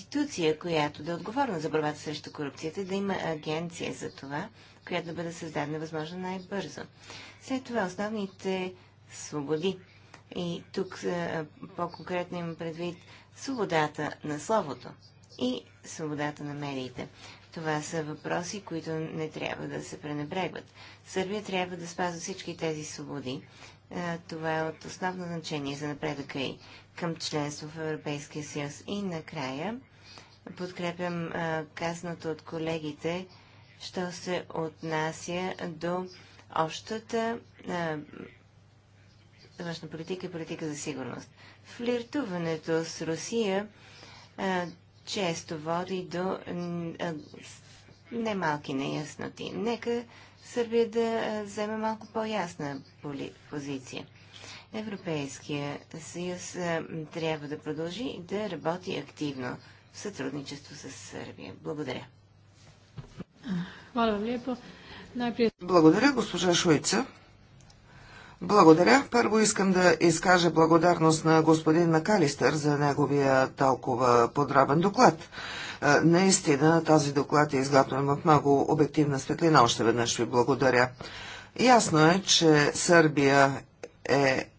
институция, която да е отговорна за борбата срещу корупцията, да има агенция за това, която да бъде създадена възможно най-бързо. След това основните свободи. И тук по-конкретно имам предвид свободата на словото и свободата на медиите. Това са въпроси, които не трябва да се пренебрегват. Сърбия трябва да спазва всички тези свободи. Това е от основно значение за напредъка и към членство в Европейския съюз. И накрая подкрепям а, казаното от колегите, що се отнася до общата а, външна политика и политика за сигурност. Флиртуването с Русия а, често води до немалки неясноти. Нека Сърбия да вземе малко по-ясна позиция. Европейския съюз трябва да продължи да работи активно в сътрудничество с Сърбия. Благодаря. Благодаря, госпожа Шуица. Благодаря. Първо искам да изкажа благодарност на господин Макалистър за неговия толкова подробен доклад. Е, наистина този доклад е изготвен в много обективна светлина. Още веднъж ви благодаря. Ясно е, че Сърбия е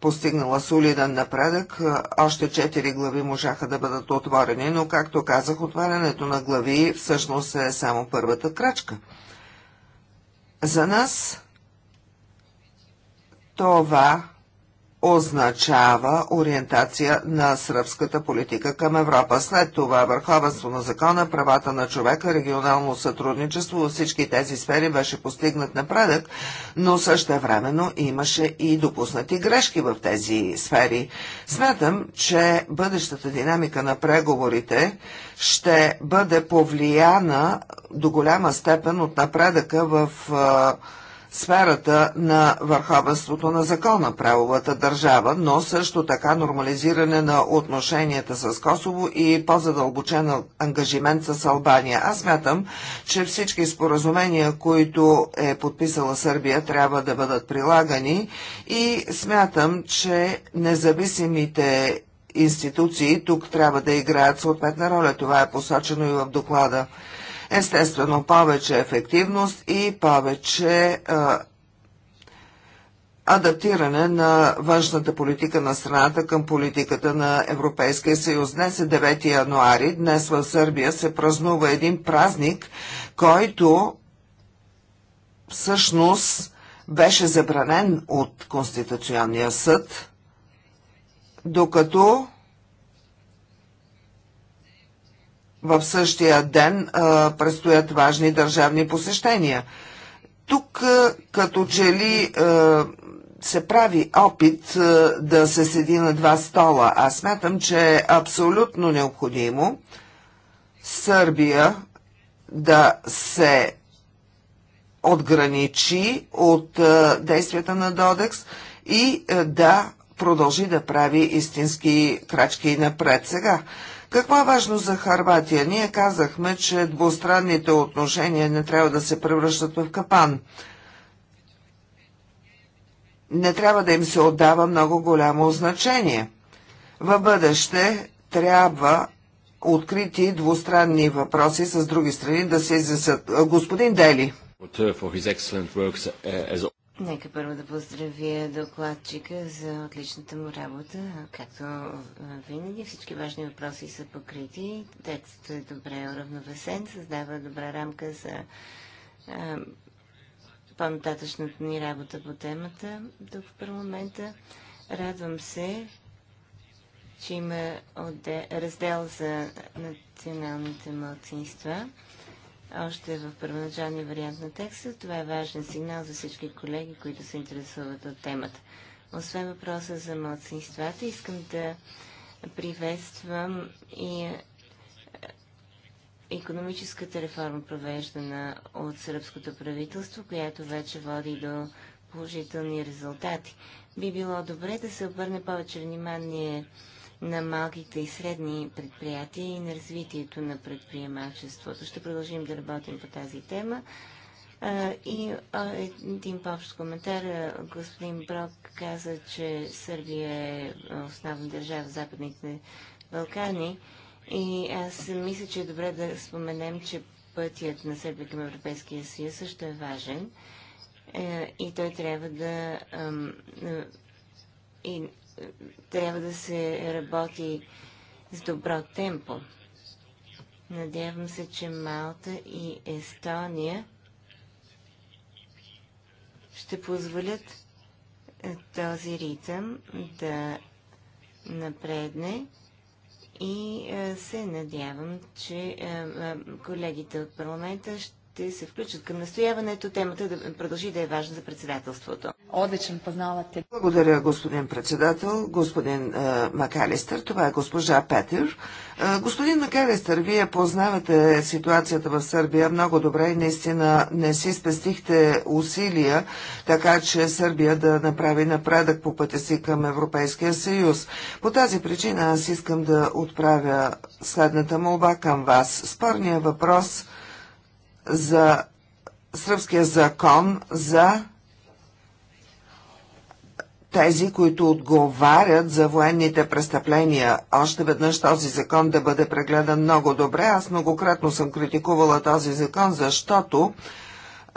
постигнала солиден напредък. Още четири глави можаха да бъдат отворени, но, както казах, отварянето на глави всъщност е само първата крачка. За нас това означава ориентация на сръбската политика към Европа. След това върховенство на закона, правата на човека, регионално сътрудничество във всички тези сфери беше постигнат напредък, но също времено имаше и допуснати грешки в тези сфери. Смятам, че бъдещата динамика на преговорите ще бъде повлияна до голяма степен от напредъка в сферата на върховенството на закона, правовата държава, но също така нормализиране на отношенията с Косово и по-задълбочен ангажимент с Албания. Аз мятам, че всички споразумения, които е подписала Сърбия, трябва да бъдат прилагани и смятам, че независимите институции тук трябва да играят съответна роля. Това е посочено и в доклада естествено повече ефективност и повече а, адаптиране на външната политика на страната към политиката на Европейския съюз. Днес е 9 януари, днес в Сърбия се празнува един празник, който всъщност беше забранен от Конституционния съд, докато в същия ден а, предстоят важни държавни посещения. Тук а, като че ли а, се прави опит а, да се седи на два стола. Аз смятам, че е абсолютно необходимо Сърбия да се отграничи от а, действията на Додекс и а, да продължи да прави истински крачки напред сега. Какво е важно за Харватия? Ние казахме, че двустранните отношения не трябва да се превръщат в капан. Не трябва да им се отдава много голямо значение. В бъдеще трябва открити двустранни въпроси с други страни да се изясят. Господин Дели. Нека първо да поздравя докладчика за отличната му работа. Както винаги, всички важни въпроси са покрити. Текстът е добре уравновесен, създава добра рамка за по-нататъчната ни работа по темата тук в парламента. Радвам се, че има раздел за националните младсинства още в първоначалния вариант на текста. Това е важен сигнал за всички колеги, които се интересуват от темата. Освен въпроса за младсинствата, искам да приветствам и е, економическата реформа, провеждана от сръбското правителство, която вече води до положителни резултати. Би било добре да се обърне повече внимание на малките и средни предприятия и на развитието на предприемачеството. Ще продължим да работим по тази тема. и един по-общ коментар. Господин Брок каза, че Сърбия е основна държава в Западните Балкани. И аз мисля, че е добре да споменем, че пътят на Сърбия към Европейския съюз също е важен. Е, и той трябва да. Е, и трябва да се работи с добро темпо. Надявам се, че Малта и Естония ще позволят е, този ритъм да напредне и е, се надявам, че е, колегите от парламента ще ще се включат към настояването. Темата да продължи да е важна за председателството. Отличен познавате. Благодаря, господин председател, господин е, Макалистър. Това е госпожа Петър. господин Макалистър, вие познавате ситуацията в Сърбия много добре и наистина не си спестихте усилия, така че Сърбия да направи напредък по пътя си към Европейския съюз. По тази причина аз искам да отправя следната молба към вас. Спорният въпрос – за сръбския закон за тези, които отговарят за военните престъпления. Още веднъж този закон да бъде прегледан много добре. Аз многократно съм критикувала този закон, защото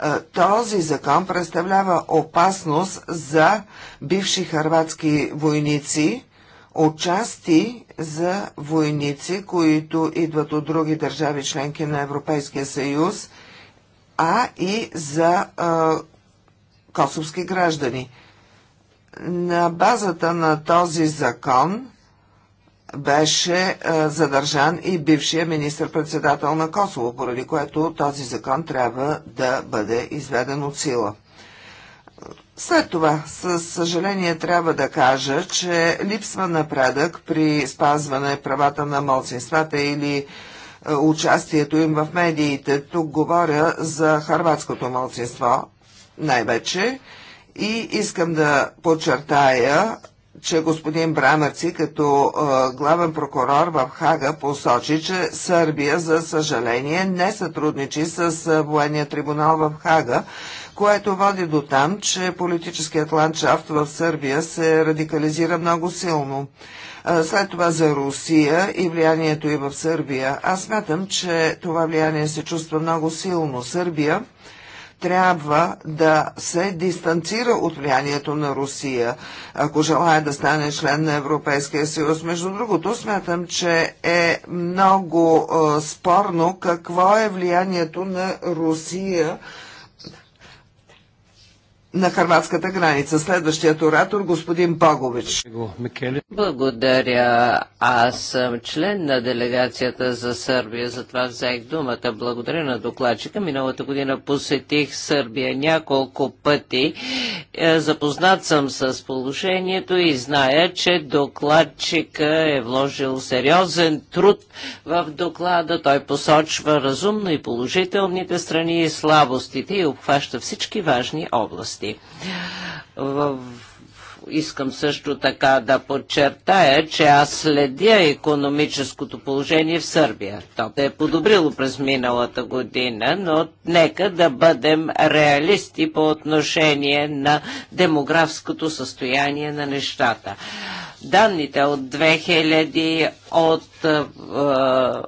е, този закон представлява опасност за бивши харватски войници, отчасти за войници, които идват от други държави членки на Европейския съюз – а и за а, косовски граждани. На базата на този закон беше а, задържан и бившия министр-председател на Косово, поради което този закон трябва да бъде изведен от сила. След това, със съжаление трябва да кажа, че липсва напредък при спазване правата на малцинствата или е, участието им в медиите. Тук говоря за харватското мълцинство най-вече и искам да подчертая, че господин Брамерци като е, главен прокурор в Хага посочи, че Сърбия, за съжаление, не сътрудничи с е, военния трибунал в Хага което води до там, че политическият ландшафт в Сърбия се радикализира много силно. След това за Русия и влиянието и в Сърбия. Аз смятам, че това влияние се чувства много силно. Сърбия трябва да се дистанцира от влиянието на Русия, ако желая да стане член на Европейския съюз. Между другото, смятам, че е много е, спорно какво е влиянието на Русия на харватската граница. Следващият оратор, господин Пагович. Благодаря. Аз съм член на делегацията за Сърбия, затова взех думата. Благодаря на докладчика. Миналата година посетих Сърбия няколко пъти. Е, запознат съм с положението и зная, че докладчика е вложил сериозен труд в доклада. Той посочва разумно и положителните страни и слабостите и обхваща всички важни области области. В искам също така да подчертая, че аз следя економическото положение в Сърбия. То е подобрило през миналата година, но нека да бъдем реалисти по отношение на демографското състояние на нещата. Данните от 2000 от е,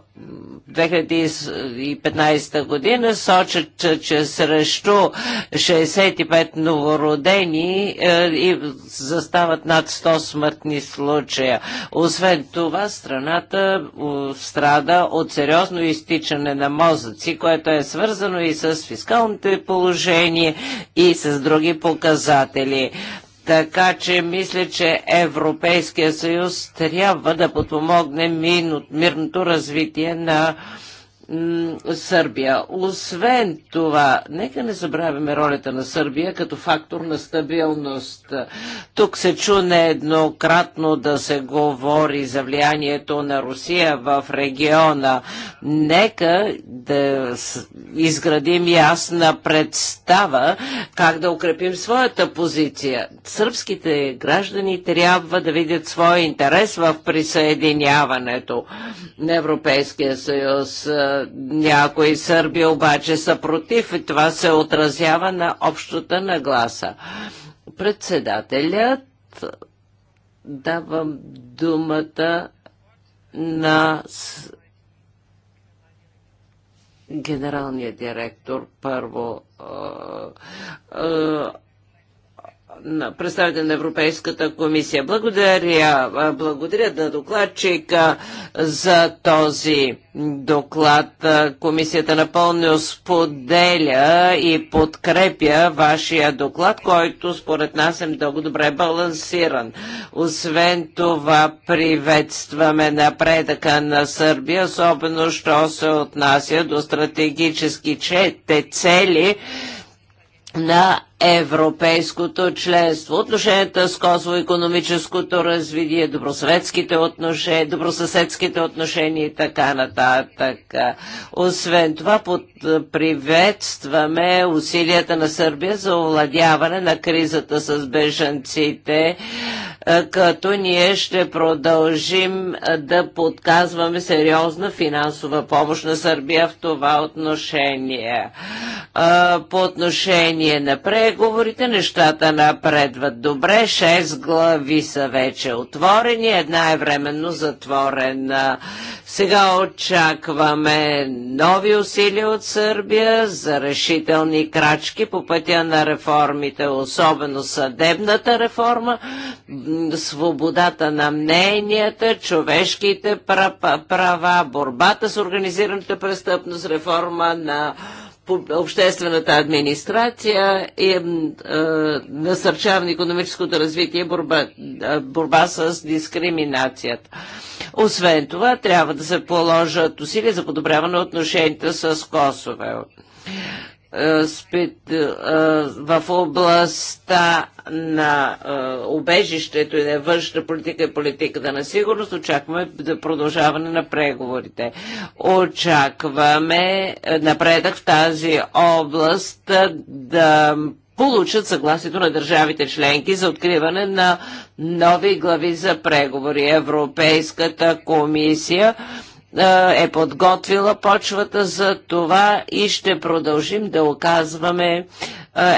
2015 година сочат, че, срещу 65 новородени е, и застават над 100 смъртни случая. Освен това, страната страда от сериозно изтичане на мозъци, което е свързано и с фискалните положения и с други показатели. Така че мисля, че Европейския съюз трябва да подпомогне мирното развитие на Сърбия. Освен това, нека не забравяме ролята на Сърбия като фактор на стабилност. Тук се чу нееднократно да се говори за влиянието на Русия в региона. Нека да изградим ясна представа как да укрепим своята позиция. Сръбските граждани трябва да видят своя интерес в присъединяването на Европейския съюз някои сърби обаче са против и това се отразява на общата нагласа. Председателят давам думата на генералния директор първо на представител на Европейската комисия. Благодаря, благодаря на докладчика за този доклад. Комисията напълно споделя и подкрепя вашия доклад, който според нас е много добре балансиран. Освен това приветстваме напредъка на Сърбия, особено що се отнася до стратегически цели, на европейското членство. Отношенията с Косово, економическото развитие, добросъветските отношения, добросъседските отношения и така нататък. Освен това, под, приветстваме усилията на Сърбия за овладяване на кризата с бежанците, е, като ние ще продължим е, да подказваме сериозна финансова помощ на Сърбия в това отношение. А, по отношение на преговорите, нещата напредват добре. Шест глави са вече отворени, една е временно затворена. Сега очакваме нови усилия от Сърбия за решителни крачки по пътя на реформите, особено съдебната реформа, свободата на мненията, човешките права, борбата с организираната престъпност, реформа на обществената администрация и е, насърчаване на економическото развитие, борба, борба с дискриминацията. Освен това, трябва да се положат усилия за подобряване на отношенията с Косово. Е, е, в областта на обежището е, и на външната политика и политиката на сигурност, очакваме да продължаване на преговорите. Очакваме напредък в тази област да получат съгласието на държавите членки за откриване на нови глави за преговори. Европейската комисия е подготвила почвата за това и ще продължим да оказваме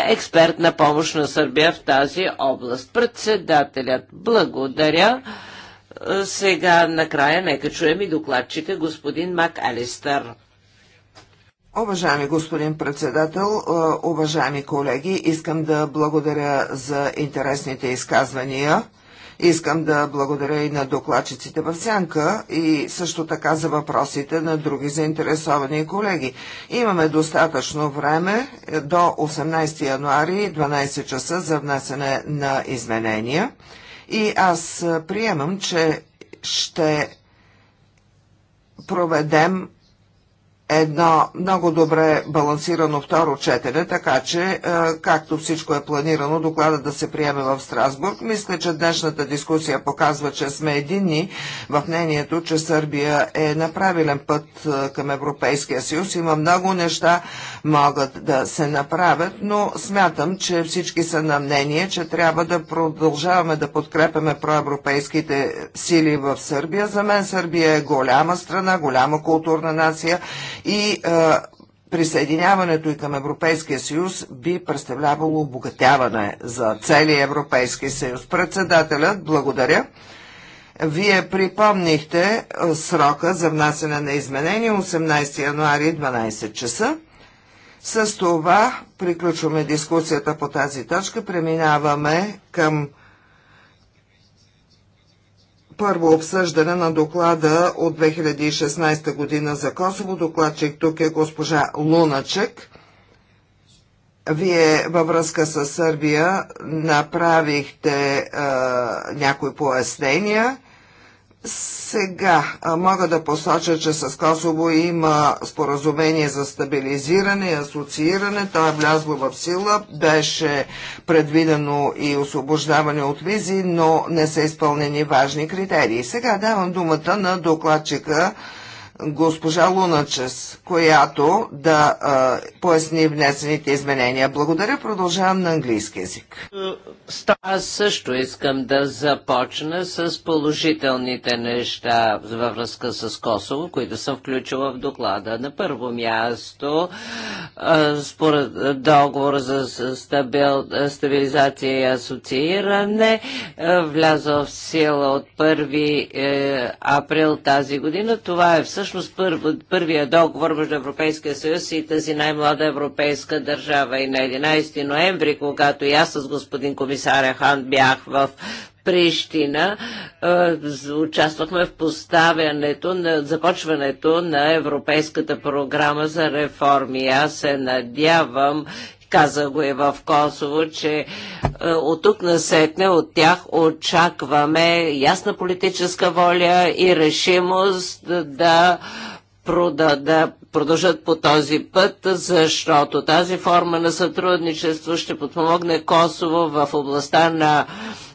експертна помощ на Сърбия в тази област. Председателят, благодаря. Сега накрая нека чуем и докладчика господин Мак Алистър. Уважаеми господин председател, уважаеми колеги, искам да благодаря за интересните изказвания. Искам да благодаря и на докладчиците в Сянка и също така за въпросите на други заинтересовани колеги. Имаме достатъчно време до 18 януари 12 часа за внасене на изменения и аз приемам, че ще проведем едно много добре балансирано второ четене, така че, е, както всичко е планирано, доклада да се приеме в Страсбург. Мисля, че днешната дискусия показва, че сме единни в мнението, че Сърбия е на правилен път е, към Европейския съюз. Има много неща могат да се направят, но смятам, че всички са на мнение, че трябва да продължаваме да подкрепяме проевропейските сили в Сърбия. За мен Сърбия е голяма страна, голяма културна нация и а, присъединяването и към Европейския съюз би представлявало обогатяване за целия Европейски съюз. Председателят, благодаря. Вие припомнихте срока за внасяне на изменения 18 януари 12 часа. С това приключваме дискусията по тази точка. Преминаваме към първо обсъждане на доклада от 2016 година за Косово. Докладчик тук е госпожа Луначек. Вие във връзка с Сърбия направихте е, някои пояснения сега мога да посоча, че с Косово има споразумение за стабилизиране и асоцииране. То е влязло в сила. Беше предвидено и освобождаване от визи, но не са изпълнени важни критерии. Сега давам думата на докладчика госпожа Луначес, която да а, поясни внесените изменения. Благодаря, продължавам на английски язик. Аз също искам да започна с положителните неща във връзка с Косово, които съм включила в доклада. На първо място, а, според договор за стабил, стабилизация и асоцииране, влязъл в сила от 1 е, април тази година, това е всъщност всъщност пър, първия договор между Европейския съюз и тази най-млада европейска държава. И на 11 ноември, когато и аз с господин комисаря Хан бях в Прищина участвахме в поставянето на започването на Европейската програма за реформи. Аз се надявам, каза го и в Косово, че е, от тук насетне от тях очакваме ясна политическа воля и решимост да прода, да продължат по този път, защото тази форма на сътрудничество ще подпомогне Косово в областта на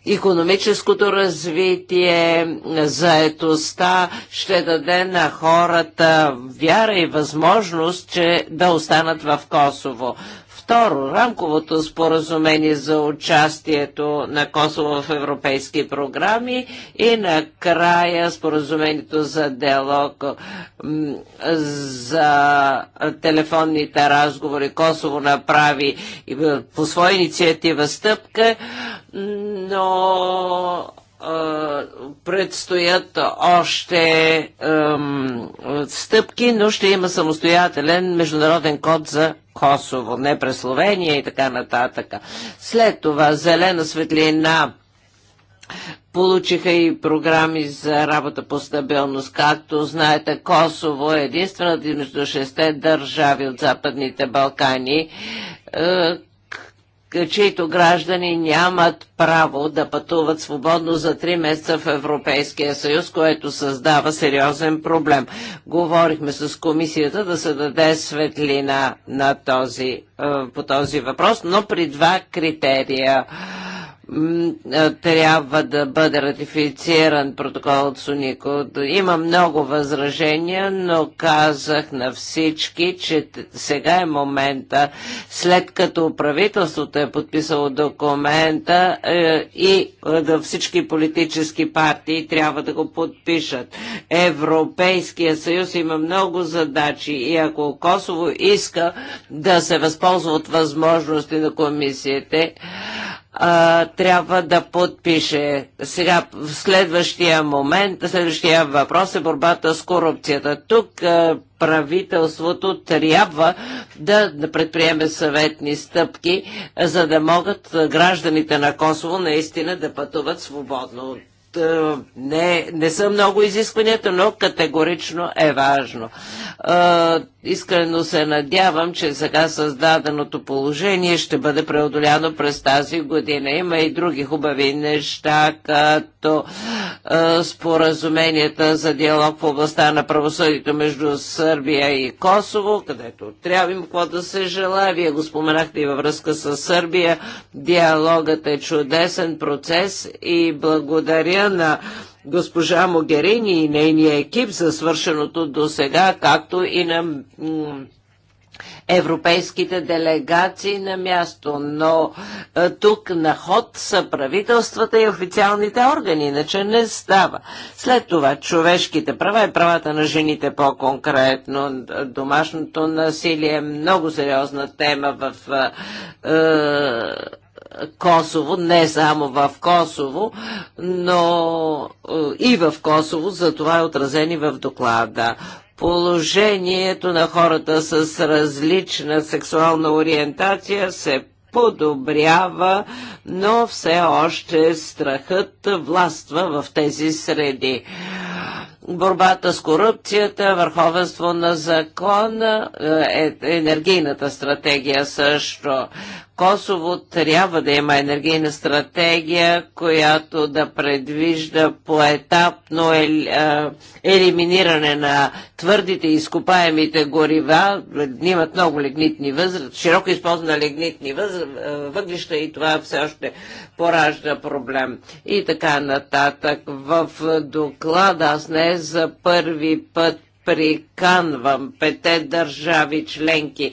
економическото развитие, заетостта, ще даде на хората вяра и възможност, че да останат в Косово. Второ, рамковото споразумение за участието на Косово в европейски програми и накрая споразумението за диалог за телефонните разговори. Косово направи и е, по своя инициатива стъпка, но е, предстоят още ем, стъпки, но ще има самостоятелен международен код за Косово, не през Словения и така нататък. След това зелена светлина Получиха и програми за работа по стабилност. Както знаете, Косово е единствената между шесте държави от Западните Балкани, е, чието граждани нямат право да пътуват свободно за 3 месеца в Европейския съюз, което създава сериозен проблем. Говорихме с комисията да се даде светлина на този, е, по този въпрос, но при два критерия трябва да бъде ратифициран протокол от Сунико. Има много възражения, но казах на всички, че сега е момента, след като правителството е подписало документа е, и е, да всички политически партии трябва да го подпишат. Европейския съюз има много задачи и ако Косово иска да се възползва от възможности на комисиите, а, трябва да подпише. Сега в следващия момент, следващия въпрос е борбата с корупцията. Тук а, правителството трябва да предприеме съветни стъпки, за да могат гражданите на Косово наистина да пътуват свободно не, не са много изискванията, но категорично е важно. Искрено се надявам, че сега създаденото положение ще бъде преодоляно през тази година. Има и други хубави неща, като споразуменията за диалог в областта на правосъдието между Сърбия и Косово, където трябва им какво да се желая. Вие го споменахте и във връзка с Сърбия. Диалогът е чудесен процес и благодаря благодаря на госпожа Могерини и нейния екип за свършеното до сега, както и на европейските делегации на място, но тук на ход са правителствата и официалните органи, иначе не става. След това човешките права и правата на жените по-конкретно, домашното насилие е много сериозна тема в а, Косово, не само в Косово, но е, и в Косово, за това е отразени в доклада. Положението на хората с различна сексуална ориентация се подобрява, но все още страхът властва в тези среди. Борбата с корупцията, върховенство на закона, е, е, енергийната стратегия също. Косово трябва да има енергийна стратегия, която да предвижда поетапно ел, е, елиминиране на твърдите и изкопаемите горива. Имат много лигнитни възраст, широко използвана лигнитни възраст, въглища и това все още поражда проблем. И така нататък. В доклада аз не за първи път приканвам пете държави членки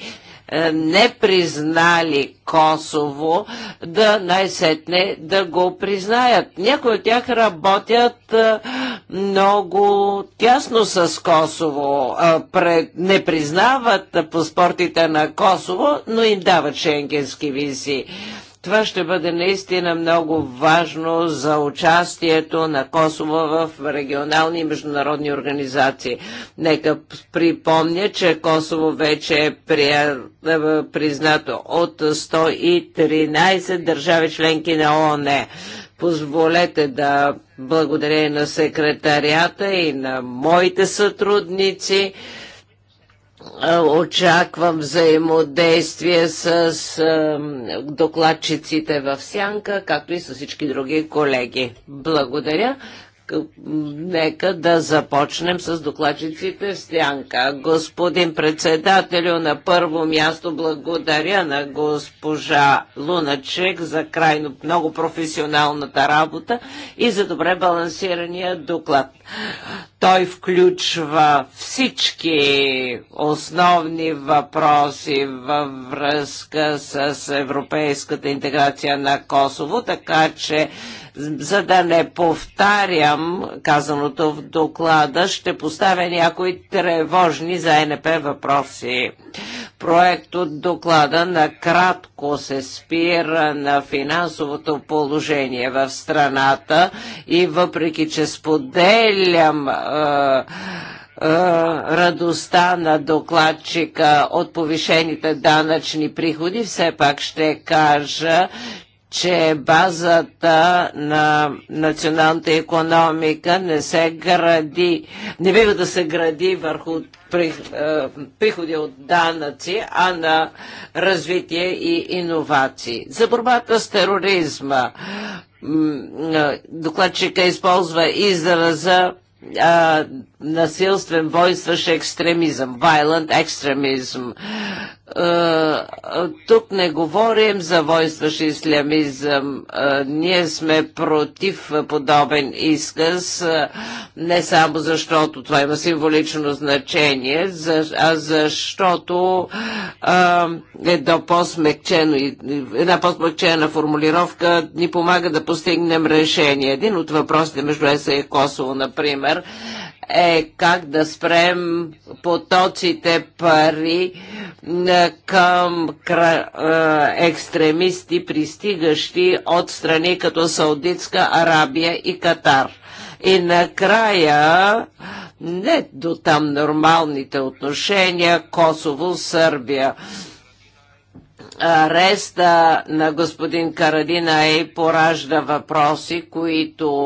е, не признали Косово, да най-сетне да го признаят. Някои от тях работят е, много тясно с Косово. Е, не признават паспортите на Косово, но им дават шенгенски визи. Това ще бъде наистина много важно за участието на Косово в регионални и международни организации. Нека припомня, че Косово вече е, е признато от 113 държави членки на ООН. Позволете да благодаря на секретарията и на моите сътрудници Очаквам взаимодействие с докладчиците в Сянка, както и с всички други колеги. Благодаря. Нека да започнем с докладчиците Стянка. Сянка. Господин председателю, на първо място благодаря на госпожа Луначек за крайно много професионалната работа и за добре балансирания доклад. Той включва всички основни въпроси във връзка с европейската интеграция на Косово, така че за да не повтарям казаното в доклада, ще поставя някои тревожни за НП въпроси. Проект от доклада накратко се спира на финансовото положение в страната и въпреки, че споделям радостта на докладчика от повишените данъчни приходи, все пак ще кажа, че базата на националната економика не се гради, не бива да се гради върху е, приходи от данъци, а на развитие и иновации. За борбата с тероризма е, докладчика използва израза е, насилствен войстващ екстремизъм, violent екстремизъм. Е, е, тук не говорим за войстваш ислямизъм. Е, ние сме против подобен изказ, не само защото това има символично значение, а защото е до по-смекчено, една по-смекчена формулировка ни помага да постигнем решение. Един от въпросите между ЕСА и Косово, например, е как да спрем потоците пари е, към е, екстремисти, пристигащи от страни като Саудитска Арабия и Катар. И накрая, не до там нормалните отношения, Косово, Сърбия ареста на господин Карадина и поражда въпроси, които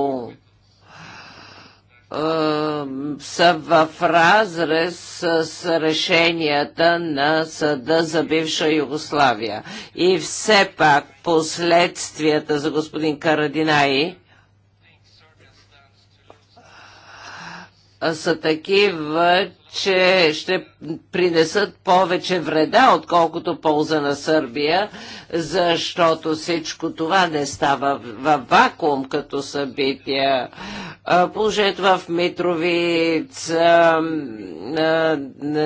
са в разрез с, с решенията на съда за бивша Югославия. И все пак последствията за господин Карадинаи са такива, че ще принесат повече вреда, отколкото полза на Сърбия, защото всичко това не става в вакуум като събития. Положението в Митровиц,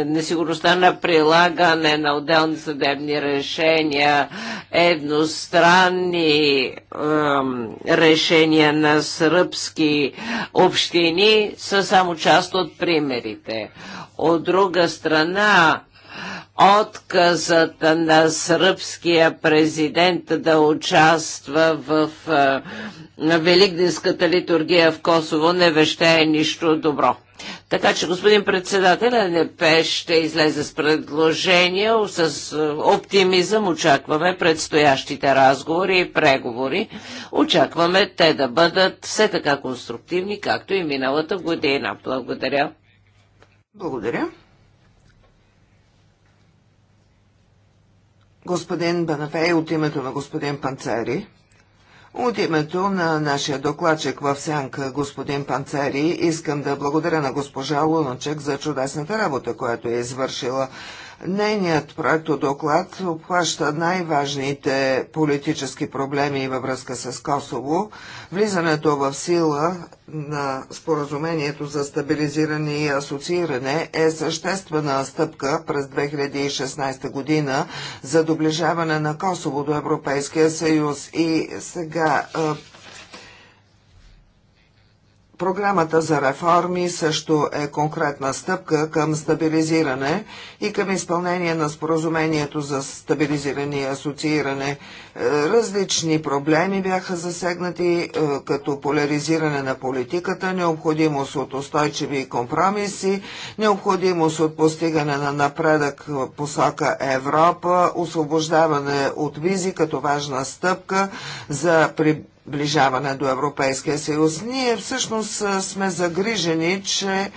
несигурността на прилагане на отделни съдебни решения, едностранни решения на сръбски общини са само част от примерите. От друга страна, страна отказът на сръбския президент да участва в е, Великденската литургия в Косово не веща е нищо добро. Така че господин председател НП ще излезе с предложение, с е, оптимизъм очакваме предстоящите разговори и преговори. Очакваме те да бъдат все така конструктивни, както и миналата година. Благодаря. Благодаря. господин Банафей от името на господин Панцери. От името на нашия докладчик в сянка, господин Панцери, искам да благодаря на госпожа Луначек за чудесната работа, която е извършила. Нейният проектодоклад обхваща най-важните политически проблеми във връзка с Косово, влизането в сила на споразумението за стабилизиране и асоцииране е съществена стъпка през 2016 година за доближаване на Косово до Европейския съюз и сега Програмата за реформи също е конкретна стъпка към стабилизиране и към изпълнение на споразумението за стабилизиране и асоцииране. Е, различни проблеми бяха засегнати, е, като поляризиране на политиката, необходимост от устойчиви компромиси, необходимост от постигане на напредък в посока Европа, освобождаване от визи като важна стъпка за приближаване приближаване до Европейския съюз. Ние всъщност сме загрижени, че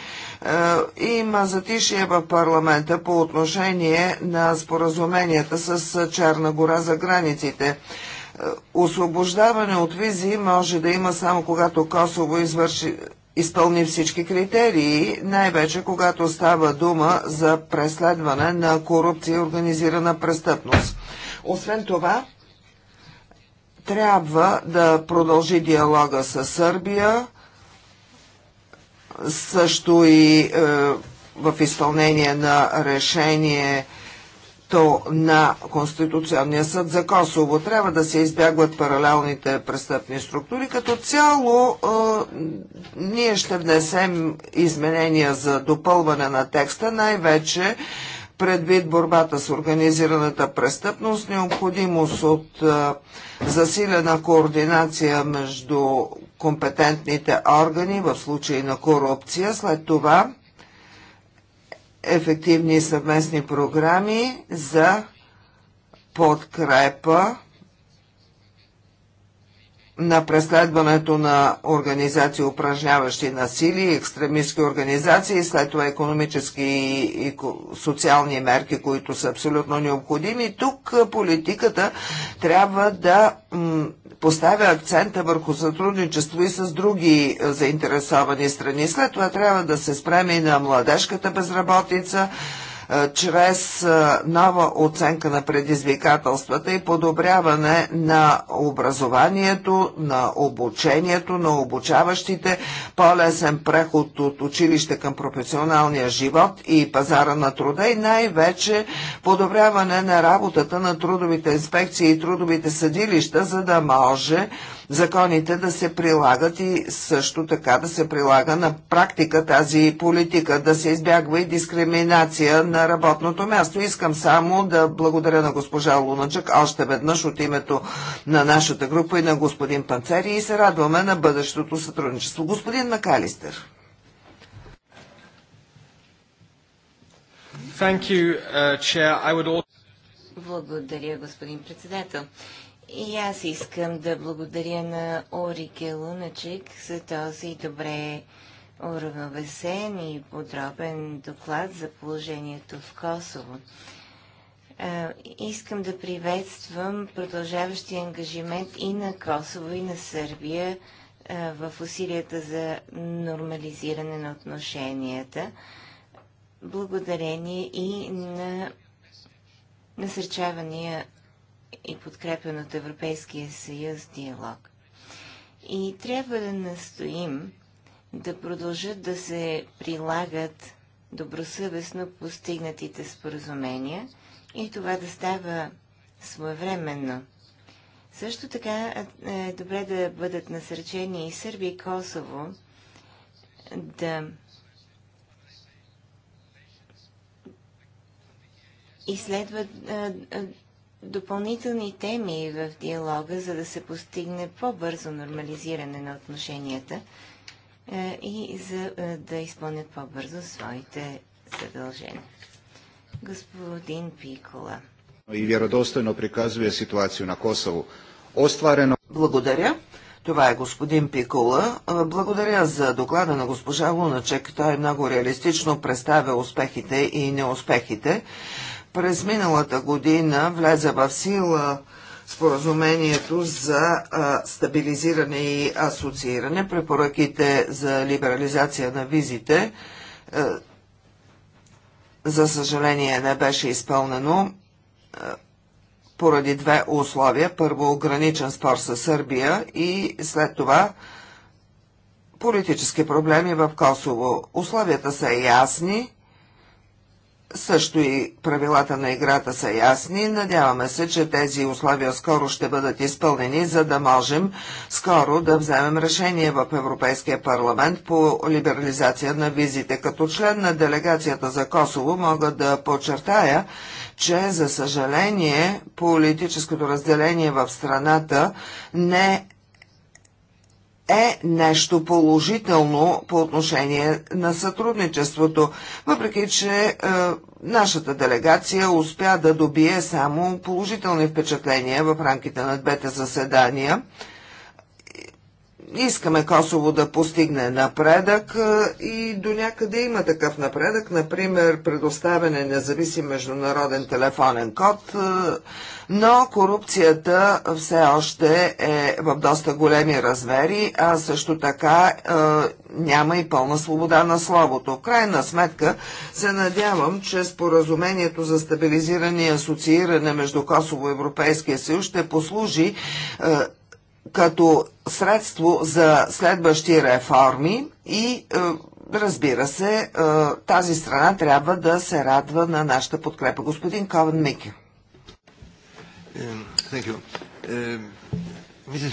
има затишие в парламента по отношение на споразуменията с Черна гора за границите. Освобождаване от визи може да има само когато Косово извърши, изпълни всички критерии, най-вече когато става дума за преследване на корупция и организирана престъпност. Освен това, трябва да продължи диалога с Сърбия, също и е, в изпълнение на решение то на Конституционния съд за Косово. Трябва да се избягват паралелните престъпни структури. Като цяло е, ние ще внесем изменения за допълване на текста, най-вече предвид борбата с организираната престъпност, необходимост от засилена координация между компетентните органи в случай на корупция, след това ефективни съвместни програми за подкрепа на преследването на организации, упражняващи насилие, екстремистски организации, след това економически и социални мерки, които са абсолютно необходими. Тук политиката трябва да поставя акцента върху сътрудничество и с други заинтересовани страни. След това трябва да се спреме и на младежката безработица, е, чрез е, нова оценка на предизвикателствата и подобряване на образованието, на обучението, на обучаващите, по-лесен преход от училище към професионалния живот и пазара на труда и най-вече подобряване на работата на трудовите инспекции и трудовите съдилища, за да може законите да се прилагат и също така да се прилага на практика тази политика, да се избягва и дискриминация на работното място. Искам само да благодаря на госпожа Луначък още веднъж от името на нашата група и на господин Панцери и се радваме на бъдещото сътрудничество. Господин Макалистер. Uh, благодаря, господин председател. И аз искам да благодаря на Орике Луначик за този добре уравновесен и подробен доклад за положението в Косово. искам да приветствам продължаващия ангажимент и на Косово, и на Сърбия в усилията за нормализиране на отношенията, благодарение и на насърчавания и подкрепен от Европейския съюз диалог. И трябва да настоим да продължат да се прилагат добросъвестно постигнатите споразумения и това да става своевременно. Също така е, е добре да бъдат насречени и Сърбия и Косово да изследват е, е, допълнителни теми в диалога, за да се постигне по-бързо нормализиране на отношенията е, и за е, да изпълнят по-бързо своите задължения. Господин Пикола. И вяродостойно приказва ситуацию на Косово. Остварено... Благодаря. Това е господин Пикула. Благодаря за доклада на госпожа Луначек. Той е много реалистично представя успехите и неуспехите. През миналата година влезе в сила споразумението за стабилизиране и асоцииране, препоръките за либерализация на визите. за съжаление не беше изпълнено поради две условия. Първо ограничен спор с Сърбия и след това политически проблеми в Косово. Условията са ясни също и правилата на играта са ясни. Надяваме се, че тези условия скоро ще бъдат изпълнени, за да можем скоро да вземем решение в Европейския парламент по либерализация на визите. Като член на делегацията за Косово мога да подчертая, че за съжаление политическото разделение в страната не е е нещо положително по отношение на сътрудничеството, въпреки че е, нашата делегация успя да добие само положителни впечатления в рамките на двете заседания искаме Косово да постигне напредък и до някъде има такъв напредък, например предоставяне независим международен телефонен код, но корупцията все още е в доста големи размери, а също така няма и пълна свобода на словото. В крайна сметка се надявам, че споразумението за стабилизиране и асоцииране между Косово и Европейския съюз ще послужи като средство за следващи реформи и е, разбира се, е, тази страна трябва да се радва на нашата подкрепа. Господин Ковен Мики. Е, Благодаря. Госпожа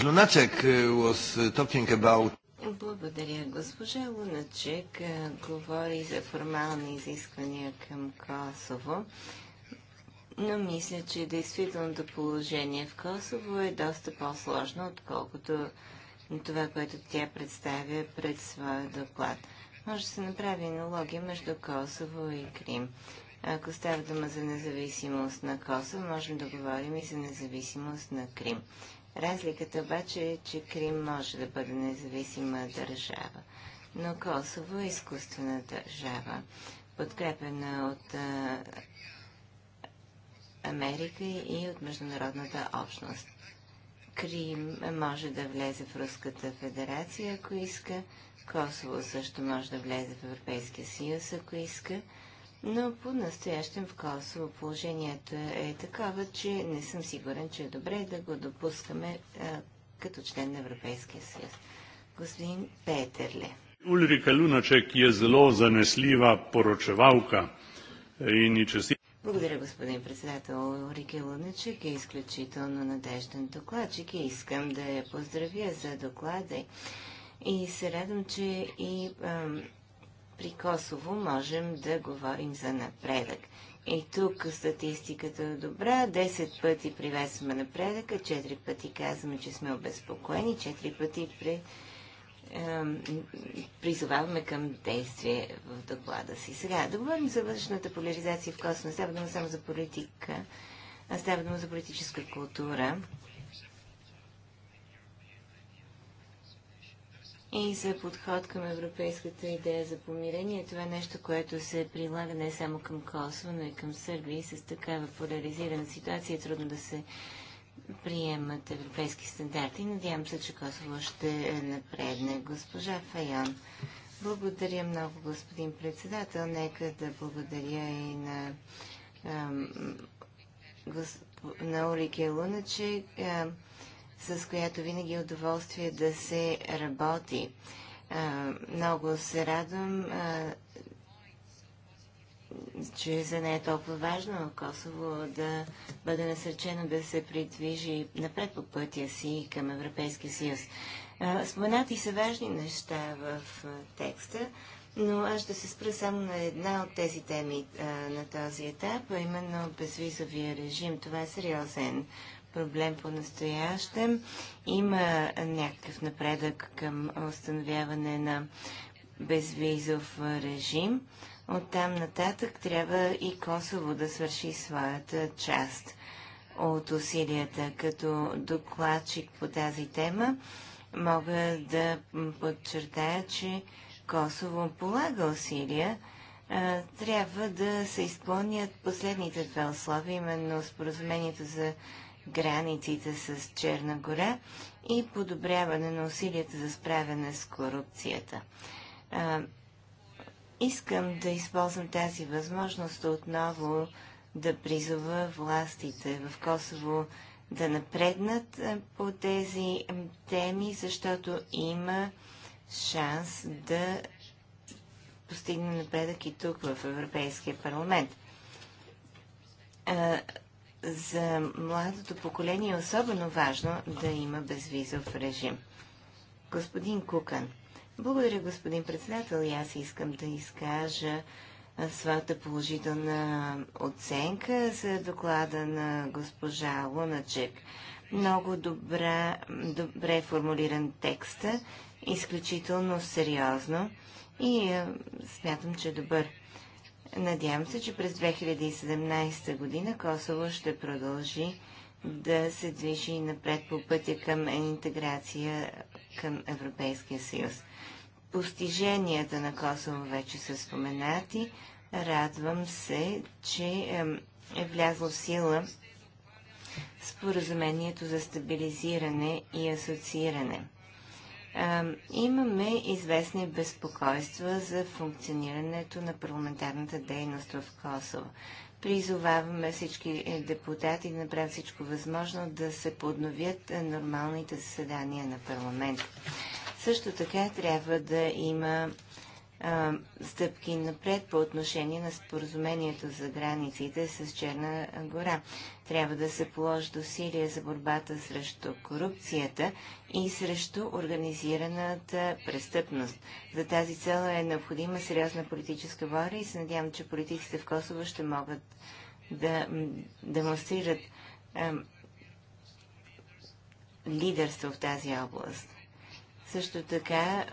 Луначек говори за формални изисквания към Косово но мисля, че действителното положение в Косово е доста по-сложно, отколкото това, което тя представя пред своя доклад. Може да се направи аналогия между Косово и Крим. Ако става дума за независимост на Косово, можем да говорим и за независимост на Крим. Разликата обаче е, че Крим може да бъде независима държава, но Косово е изкуствена държава, подкрепена от а, Америка и от международната общност. Крим може да влезе в Руската федерация, ако иска. Косово също може да влезе в Европейския съюз, ако иска. Но по-настоящем в Косово положението е такова, че не съм сигурен, че е добре да го допускаме а, като член на Европейския съюз. Господин Петерле. Ульрика Луначек е зло занеслива поручевалка и ни чести благодаря, господин председател. Рики Луначек е изключително надежден докладчик и искам да я поздравя за доклада. И се радвам, че и ам, при Косово можем да говорим за напредък. И тук статистиката е добра. 10 пъти приветстваме напредъка, 4 пъти казваме, че сме обезпокоени, 4 пъти при призоваваме към действие в доклада си. Сега, да говорим за външната поляризация в космоса. Става дума само за политика, а става дума за политическа култура. И за подход към европейската идея за помирение. Това е нещо, което се прилага не само към Косово, но и към Сърбия. И с такава поляризирана ситуация е трудно да се приемат европейски стандарти. Надявам се, че Косово ще напредне. Госпожа Файон, благодаря много, господин председател. Нека да благодаря и на, на Олике Луначе, с която винаги е удоволствие да се работи. много се радвам, че за нея е толкова важно Косово да бъде насърчено да се придвижи напред по пътя си към Европейския съюз. Споменати са важни неща в текста, но аз ще се спра само на една от тези теми на този етап, а именно безвизовия режим. Това е сериозен проблем по-настоящем. Има някакъв напредък към установяване на безвизов режим. От там нататък трябва и Косово да свърши своята част от усилията. Като докладчик по тази тема мога да подчертая, че Косово полага усилия. трябва да се изпълнят последните два условия, именно споразумението за границите с Черна гора и подобряване на усилията за справяне с корупцията. Искам да използвам тази възможност отново да призова властите в Косово да напреднат по тези теми, защото има шанс да постигне напредък и тук в Европейския парламент. За младото поколение е особено важно да има безвизов режим. Господин Кукан. Благодаря, господин председател. И аз искам да изкажа своята положителна оценка за доклада на госпожа Луначек. Много добра, добре формулиран текст, изключително сериозно и смятам, че е добър. Надявам се, че през 2017 година Косово ще продължи да се движи напред по пътя към интеграция към Европейския съюз. Постиженията на Косово вече са споменати. Радвам се, че е влязло в сила споразумението за стабилизиране и асоцииране. имаме известни безпокойства за функционирането на парламентарната дейност в Косово. Призоваваме всички е, депутати да направят всичко възможно да се подновят е, нормалните заседания на парламент. Също така трябва да има стъпки напред по отношение на споразумението за границите с Черна гора. Трябва да се положи усилия за борбата срещу корупцията и срещу организираната престъпност. За тази цел е необходима сериозна политическа воля и се надявам, че политиците в Косово ще могат да демонстрират лидерство в тази област. Също така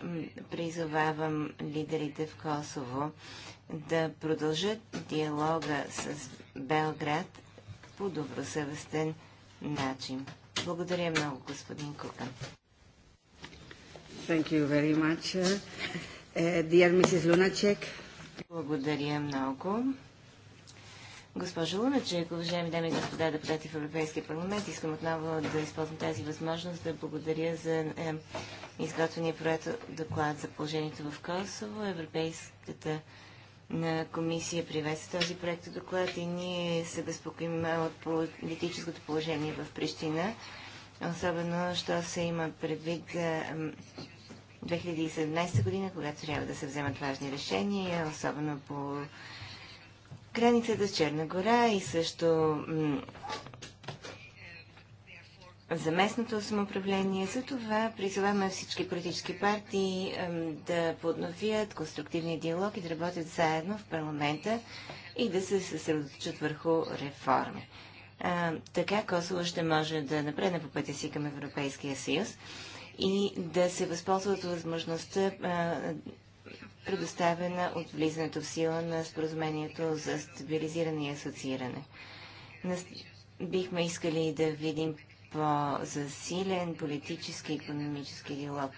призовавам лидерите в Косово да продължат диалога с Белград по добросъвестен начин. Благодаря много, господин Кукан. Thank you very much. Uh, uh dear Mrs. Lunacek. Благодаря много. Госпожо Луначек, уважаеми дами и господа депутати в Европейския парламент, искам отново да използвам тази възможност да благодаря за е, изготвения проект доклад за положението в Косово. Европейската на комисия приветства този проект доклад и ние се безпокоим от политическото положение в Прищина, особено, що се има предвид 2017 година, когато трябва да се вземат важни решения, особено по границата с Черна гора и също за местното самоуправление. За това призоваваме всички политически партии да подновят конструктивния диалог и да работят заедно в парламента и да се съсредоточат върху реформи. А, така Косово ще може да напредне по пътя си към Европейския съюз и да се възползват от възможността а, предоставена от влизането в сила на споразумението за стабилизиране и асоцииране. Бихме искали да видим по-засилен политически и економически диалог.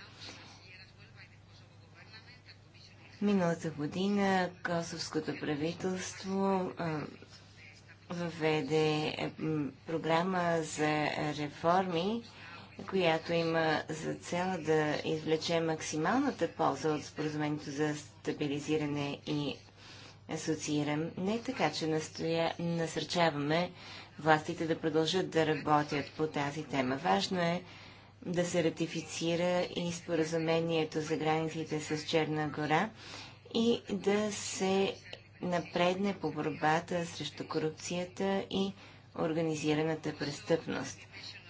Миналата година Косовското правителство въведе програма за реформи, която има за цел да извлече максималната полза от споразумението за стабилизиране и асоцииране, така че настоя, насърчаваме властите да продължат да работят по тази тема. Важно е да се ратифицира и споразумението за границите с Черна гора и да се напредне по борбата срещу корупцията и организираната престъпност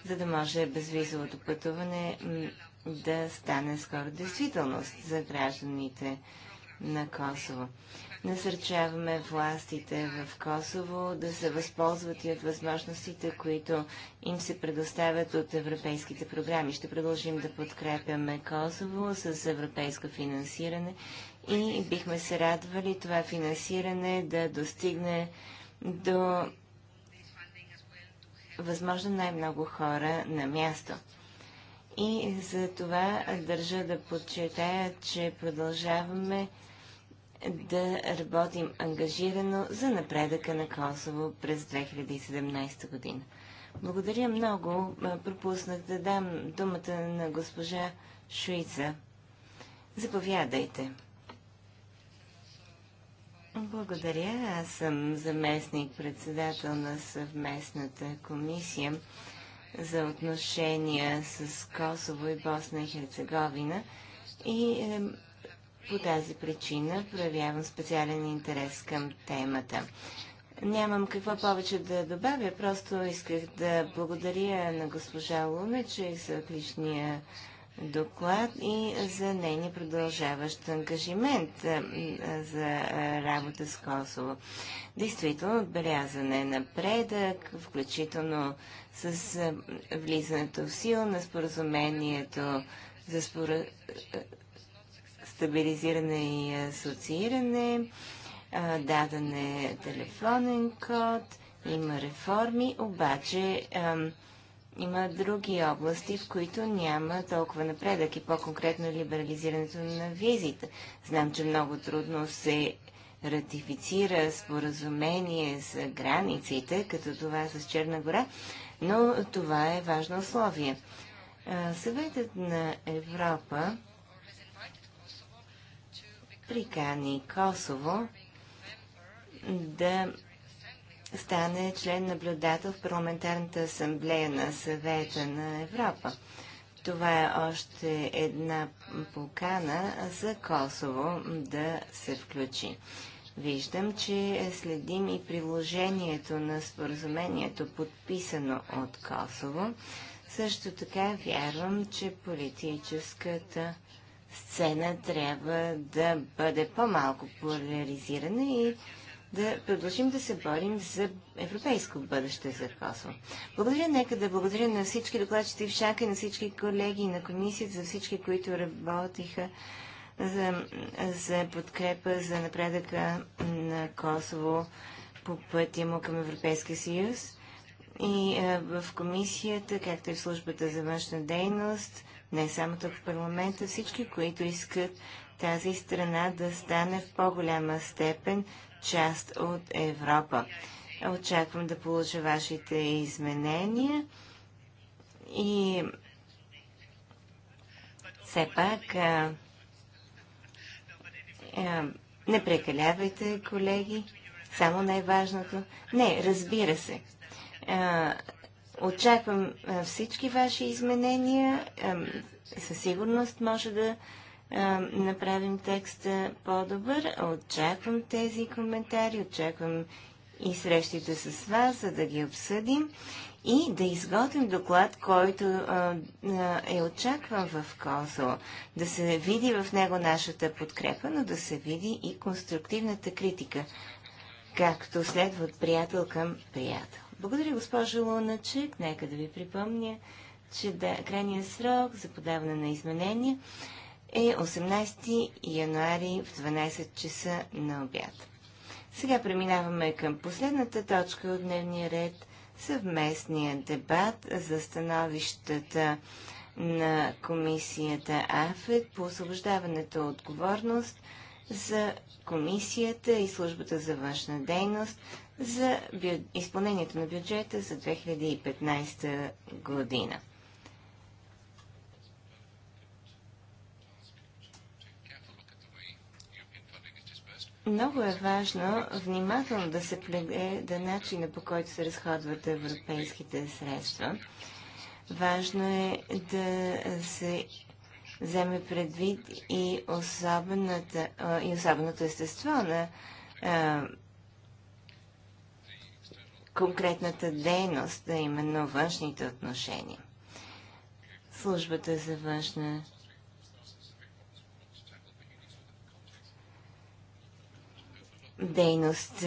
за да може безвизовото пътуване да стане скоро действителност за гражданите на Косово. Насърчаваме властите в Косово да се възползват и от възможностите, които им се предоставят от европейските програми. Ще продължим да подкрепяме Косово с европейско финансиране и бихме се радвали това финансиране да достигне до възможно най-много хора на място. И за това държа да подчертая, че продължаваме да работим ангажирано за напредъка на Косово през 2017 година. Благодаря много. Пропуснах да дам думата на госпожа Шуица. Заповядайте. Благодаря. Аз съм заместник-председател на съвместната комисия за отношения с Косово и Босна и Херцеговина и е, по тази причина проявявам специален интерес към темата. Нямам какво повече да добавя, просто исках да благодаря на госпожа Луначе за отличния доклад и за нейния продължаващ ангажимент за работа с Косово. Действително отбелязан е напредък, включително с влизането в сила на споразумението за спора... стабилизиране и асоцииране, даден е телефонен код, има реформи, обаче има други области, в които няма толкова напредък и по-конкретно либерализирането на визите. Знам, че много трудно се ратифицира споразумение с границите, като това с Черна гора, но това е важно условие. Съветът на Европа прикани Косово да стане член наблюдател в Парламентарната асамблея на съвета на Европа. Това е още една покана за Косово да се включи. Виждам, че следим и приложението на споразумението, подписано от Косово. Също така вярвам, че политическата сцена трябва да бъде по-малко поляризирана и да продължим да се борим за европейско бъдеще за Косово. Благодаря, нека да благодаря на всички докладчици в Шака, на всички колеги, на комисията, за всички, които работиха за, за подкрепа за напредъка на Косово по пътя му към Европейския съюз. И а, в комисията, както и в службата за външна дейност, не само тук в парламента, всички, които искат тази страна да стане в по-голяма степен част от Европа. Очаквам да получа вашите изменения и все пак не прекалявайте, колеги, само най-важното. Не, разбира се. очаквам всички ваши изменения. Със сигурност може да е, направим текста по-добър. Очаквам тези коментари, очаквам и срещите с вас, за да ги обсъдим и да изготвим доклад, който а, е, е, е очакван в Козо. Да се види в него нашата подкрепа, но да се види и конструктивната критика, както следва от приятел към приятел. Благодаря, госпожо Луначек. Нека да ви припомня, че да, крайният срок за подаване на изменения е 18 януари в 12 часа на обяд. Сега преминаваме към последната точка от дневния ред съвместния дебат за становищата на комисията АФЕД по освобождаването от отговорност за комисията и службата за външна дейност за изпълнението на бюджета за 2015 година. Много е важно внимателно да се да начина по който се разходват европейските средства. Важно е да се вземе предвид и, особената, и особеното естество на а, конкретната дейност, да именно външните отношения. Службата за външна дейност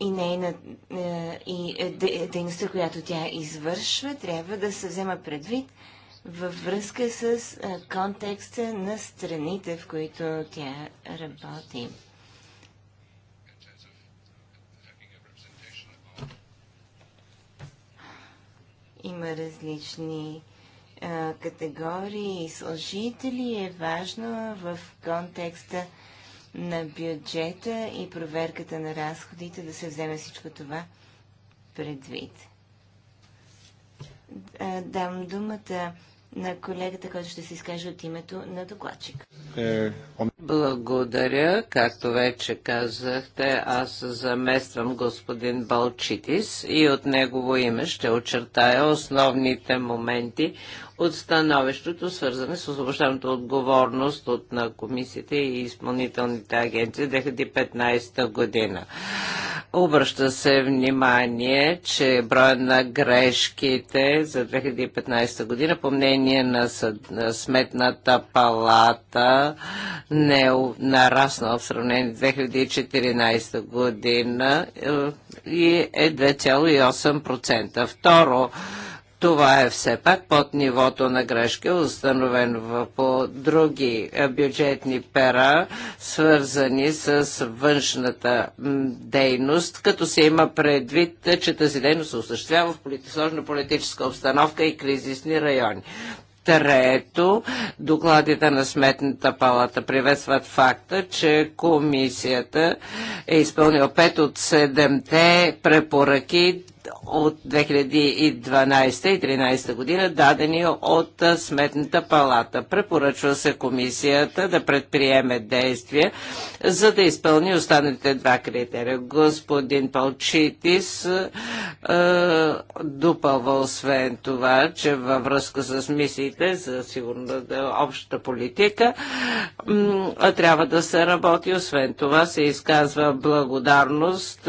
и, нейна, е, и е, дейността, която тя извършва, трябва да се взема предвид във връзка с е, контекста на страните, в които тя работи. Има различни категории и служители. Е важно в контекста на бюджета и проверката на разходите да се вземе всичко това предвид. Дам думата на колегата, който ще се изкаже от името на докладчик. Е, Благодаря. Както вече казахте, аз замествам господин Балчитис и от негово име ще очертая основните моменти от становището, свързане с освобождаването отговорност от на комисията и изпълнителните агенции 2015 година. Обръща се внимание, че броя на грешките за 2015 година по мнение на, на Сметната палата не е нараснал в сравнение с 2014 година е, и е 2,8%. Второ, това е все пак под нивото на грешка, установено по други е, бюджетни пера, свързани с външната дейност, като се има предвид, че тази дейност се осъществява в сложна политическа обстановка и кризисни райони. Трето, докладите на Сметната палата приветстват факта, че комисията е изпълнила 5 от 7 препоръки от 2012 и 2013 година, дадени от Сметната палата. Препоръчва се комисията да предприеме действия, за да изпълни останалите два критерия. Господин Палчитис е, допълва освен това, че във връзка с мисиите за сигурната да, общата политика трябва да се работи. Освен това се изказва благодарност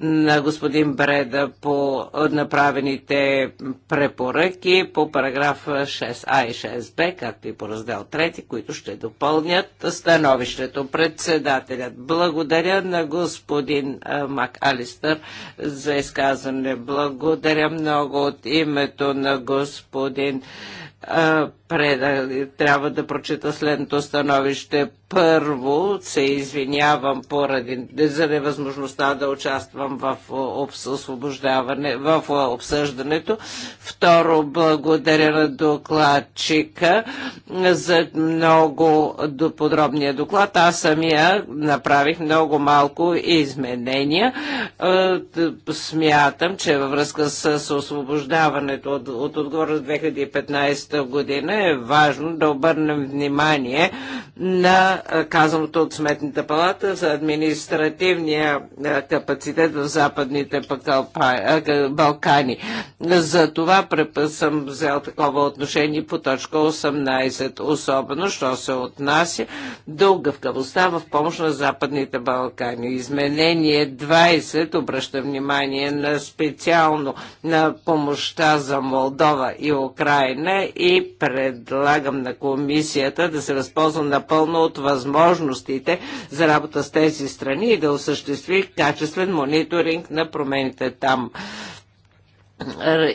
на господин Бреда по направените препоръки по параграф 6а и 6б, както и по раздел 3, които ще допълнят становището. Председателят благодаря на господин Мак Алистър за изказване. Благодаря много от името на господин Предали Трябва да прочита следното становище. Първо се извинявам поради за невъзможността да участвам в, освобождаване, в обсъждането. Второ, благодаря на докладчика за много подробния доклад. Аз самия направих много малко изменения. Е, смятам, че във връзка с освобождаването от, от отговора 2015 година е важно да обърнем внимание на казаното от Сметната палата за административния капацитет в Западните Балкани. За това съм взел такова отношение по точка 18, особено, що се отнася до гъвкавостта в помощ на Западните Балкани. Изменение 20 обръща внимание на специално на помощта за Молдова и Украина и пред предлагам на комисията да се възползва напълно от възможностите за работа с тези страни и да осъществи качествен мониторинг на промените там.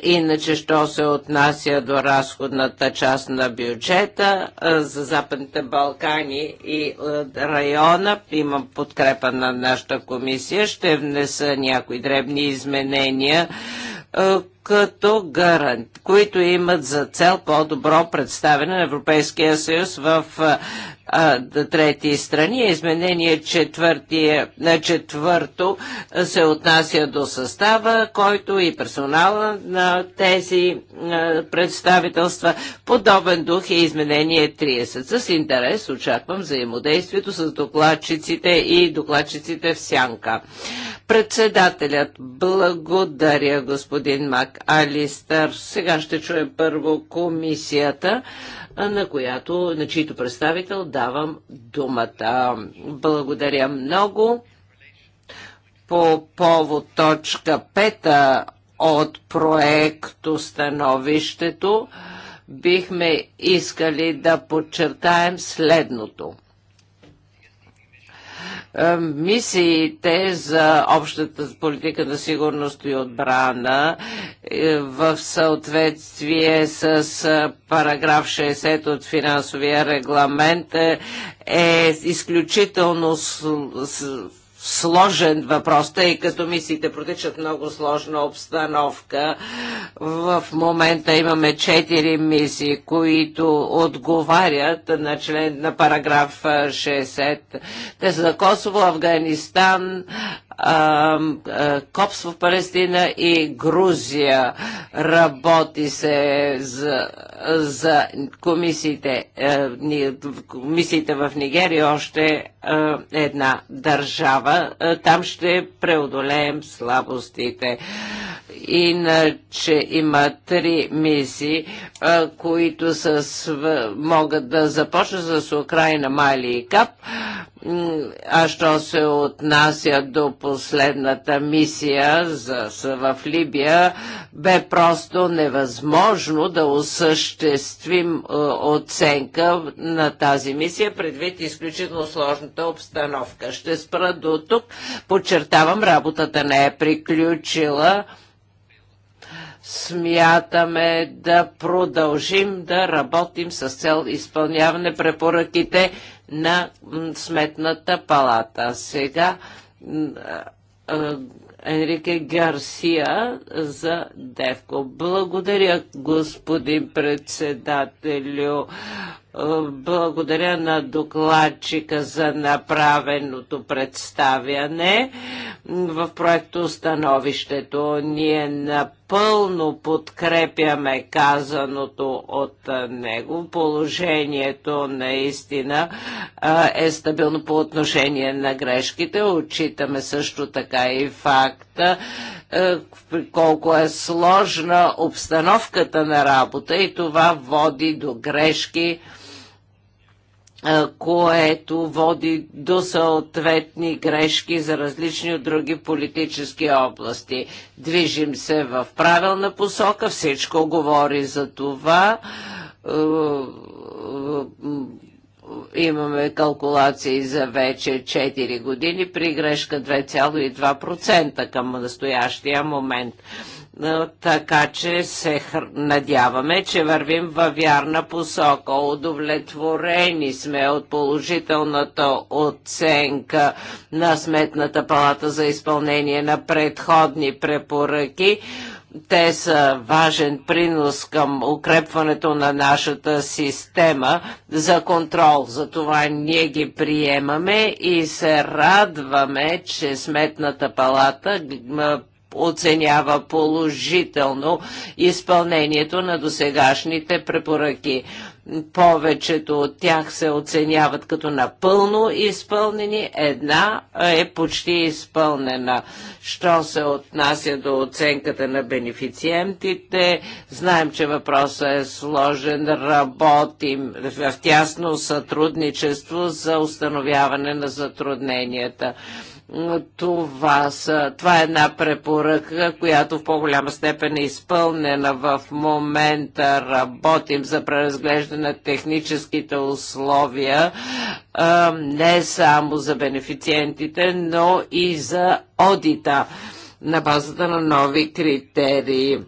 Иначе, що се отнася до разходната част на бюджета за Западните Балкани и района, имам подкрепа на нашата комисия, ще внеса някои дребни изменения, като гарант, които имат за цел по-добро представяне на Европейския съюз в трети страни. Изменение четвъртия, на четвърто се отнася до състава, който и персонала на тези представителства. Подобен дух е изменение 30. С интерес очаквам взаимодействието с докладчиците и докладчиците в сянка. Председателят, благодаря господин Мак Алистър. Сега ще чуем първо комисията, на, която, на чийто представител давам думата. Благодаря много. По повод точка 5 от проекто становището бихме искали да подчертаем следното – е, мисиите за общата политика на сигурност и отбрана е, в съответствие с е, параграф 60 от финансовия регламент е изключително сложен въпрос, тъй като мисиите протичат много сложна обстановка. В момента имаме четири мисии, които отговарят на член на параграф 60. Те са за Косово, Афганистан, КОПС в Палестина и Грузия. Работи се за, за комисиите, е, комисиите в Нигерия още е, една държава. Е, там ще преодолеем слабостите. Иначе има три мисии, които с, могат да започнат с Украина, Мали и Кап. А що се отнася до последната мисия за, в Либия, бе просто невъзможно да осъществим оценка на тази мисия, предвид изключително сложната обстановка. Ще спра до тук. Подчертавам, работата не е приключила смятаме да продължим да работим с цел изпълняване препоръките на Сметната палата. Сега Енрике Гарсия за Девко. Благодаря, господин председателю. Благодаря на докладчика за направеното представяне в проекто становището. Ние напълно подкрепяме казаното от него. Положението наистина е стабилно по отношение на грешките. Отчитаме също така и факта, колко е сложна обстановката на работа и това води до грешки което води до съответни грешки за различни от други политически области. Движим се в правилна посока, всичко говори за това. Е, е, имаме калкулации за вече 4 години при грешка 2,2% към настоящия момент. Е, така че се надяваме, че вървим във вярна посока. Удовлетворени сме от положителната оценка на Сметната палата за изпълнение на предходни препоръки. Те са важен принос към укрепването на нашата система за контрол. Затова ние ги приемаме и се радваме, че Сметната палата оценява положително изпълнението на досегашните препоръки. Повечето от тях се оценяват като напълно изпълнени, една е почти изпълнена. Що се отнася до оценката на бенефициентите, знаем, че въпросът е сложен, работим в тясно сътрудничество за установяване на затрудненията. Това, са, това е една препоръка, която в по-голяма степен е изпълнена в момента. Работим за преразглеждане на техническите условия не само за бенефициентите, но и за одита на базата на нови критерии.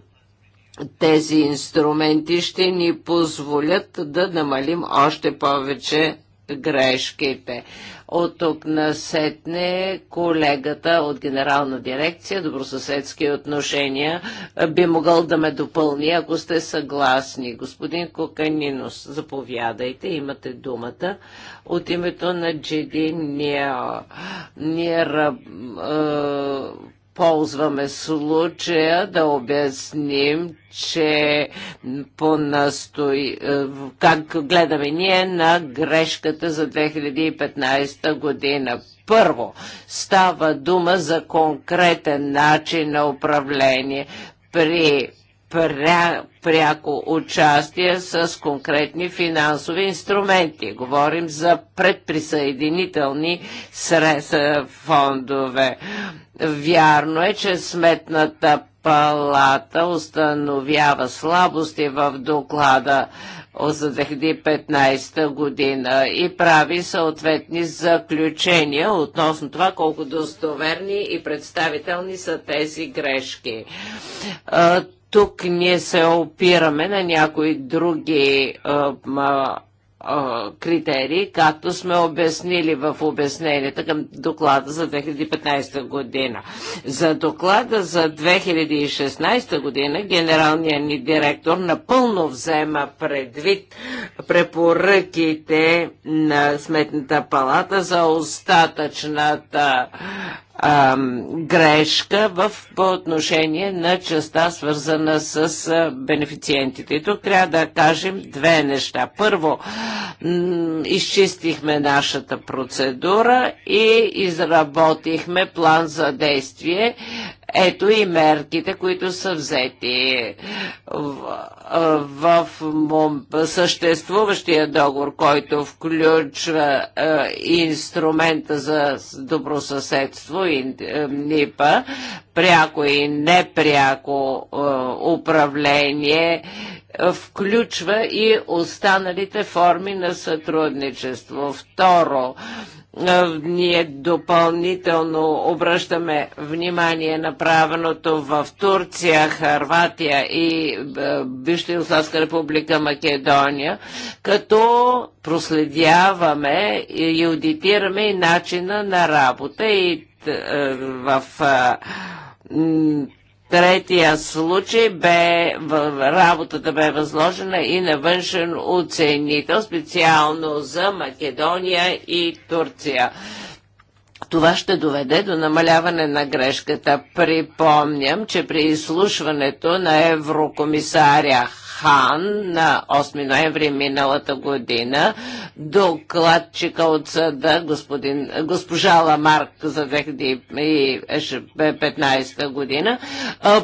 Тези инструменти ще ни позволят да намалим още повече грешките. От тук насетне колегата от Генерална дирекция Добросъседски отношения би могъл да ме допълни, ако сте съгласни. Господин Коканинос, заповядайте, имате думата. От името на Джеди ние, ние използваме случая да обясним, че по е, как гледаме ние на грешката за 2015 година. Първо, става дума за конкретен начин на управление при пря, пряко участие с конкретни финансови инструменти. Говорим за предприсъединителни средства фондове. Вярно е, че сметната палата установява слабости в доклада за 2015 година и прави съответни заключения относно това колко достоверни и представителни са тези грешки. Тук ние се опираме на някои други а, критерии, както сме обяснили в обясненията към доклада за 2015 година. За доклада за 2016 година генералният ни директор напълно взема предвид препоръките на Сметната палата за остатъчната а, грешка в, по отношение на частта свързана с а, бенефициентите. И тук трябва да кажем две неща. Първо, изчистихме нашата процедура и изработихме план за действие. Ето и мерките, които са взети в, в, съществуващия договор, който включва инструмента за добросъседство и НИПА пряко и непряко е, управление е, включва и останалите форми на сътрудничество. Второ, е, ние допълнително обръщаме внимание на правеното в Турция, Харватия и е, Бивша република Македония, като проследяваме и аудитираме и начина на работа и в Третия случай бе, работата бе възложена и на външен оценител, специално за Македония и Турция. Това ще доведе до намаляване на грешката. Припомням, че при изслушването на еврокомисаря Хан на 8 ноември миналата година, докладчика от съда господин, госпожа Ламарк за 2015 година,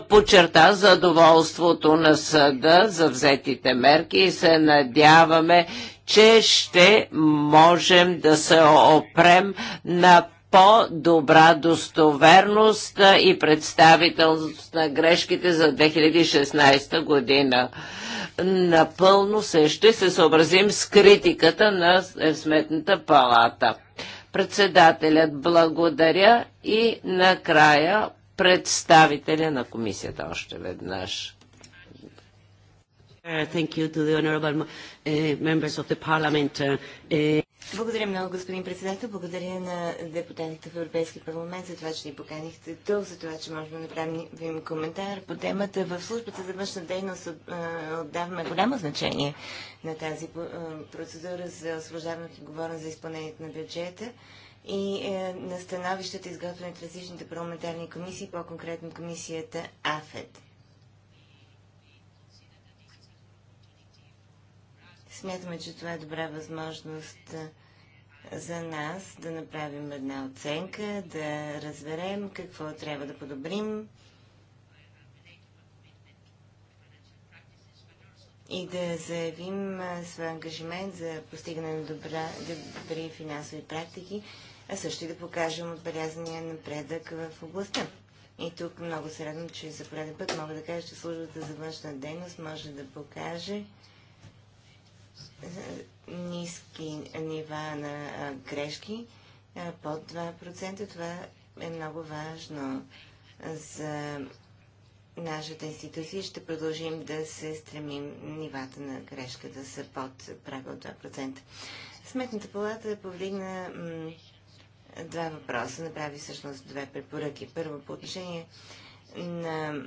подчерта задоволството на съда за взетите мерки и се надяваме, че ще можем да се опрем на по-добра достоверност и представителност на грешките за 2016 година. Напълно се ще се съобразим с критиката на Сметната палата. Председателят благодаря и накрая представителя на комисията още веднъж. Благодаря много, господин председател. Благодаря на депутатите в Европейския парламент за това, че ни поканихте тук, за това, че можем да направим коментар по темата. В службата за външна дейност отдаваме голямо значение на тази процедура за освобождаване от отговорност за изпълнението на бюджета и е, на становищата, изготвени от различните парламентарни комисии, по-конкретно комисията АФЕД. Смятаме, че това е добра възможност за нас да направим една оценка, да разберем какво трябва да подобрим и да заявим своя ангажимент за постигане на добра, добри финансови практики, а също и да покажем отбелязания напредък в областта. И тук много се радвам, че за пореден път мога да кажа, че службата за външна дейност може да покаже ниски нива на грешки под 2%. Това е много важно за нашата институция. Ще продължим да се стремим нивата на грешка да са под прага от 2%. Сметната палата повдигна два въпроса. Направи всъщност две препоръки. Първо, по отношение на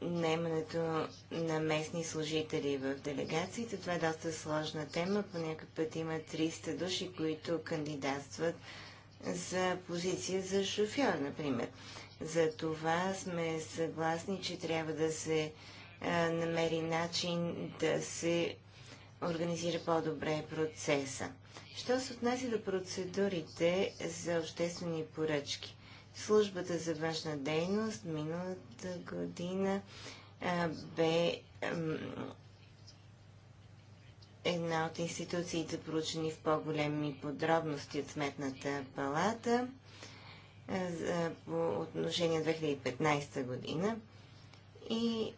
наемането на местни служители в делегациите. Това е доста сложна тема. По някакъв път има 300 души, които кандидатстват за позиция за шофьор, например. За това сме съгласни, че трябва да се а, намери начин да се организира по-добре процеса. Що се отнася до процедурите за обществени поръчки? службата за външна дейност миналата година а, бе ам, една от институциите, проучени в по-големи подробности от Сметната палата а, за, по отношение 2015 година. И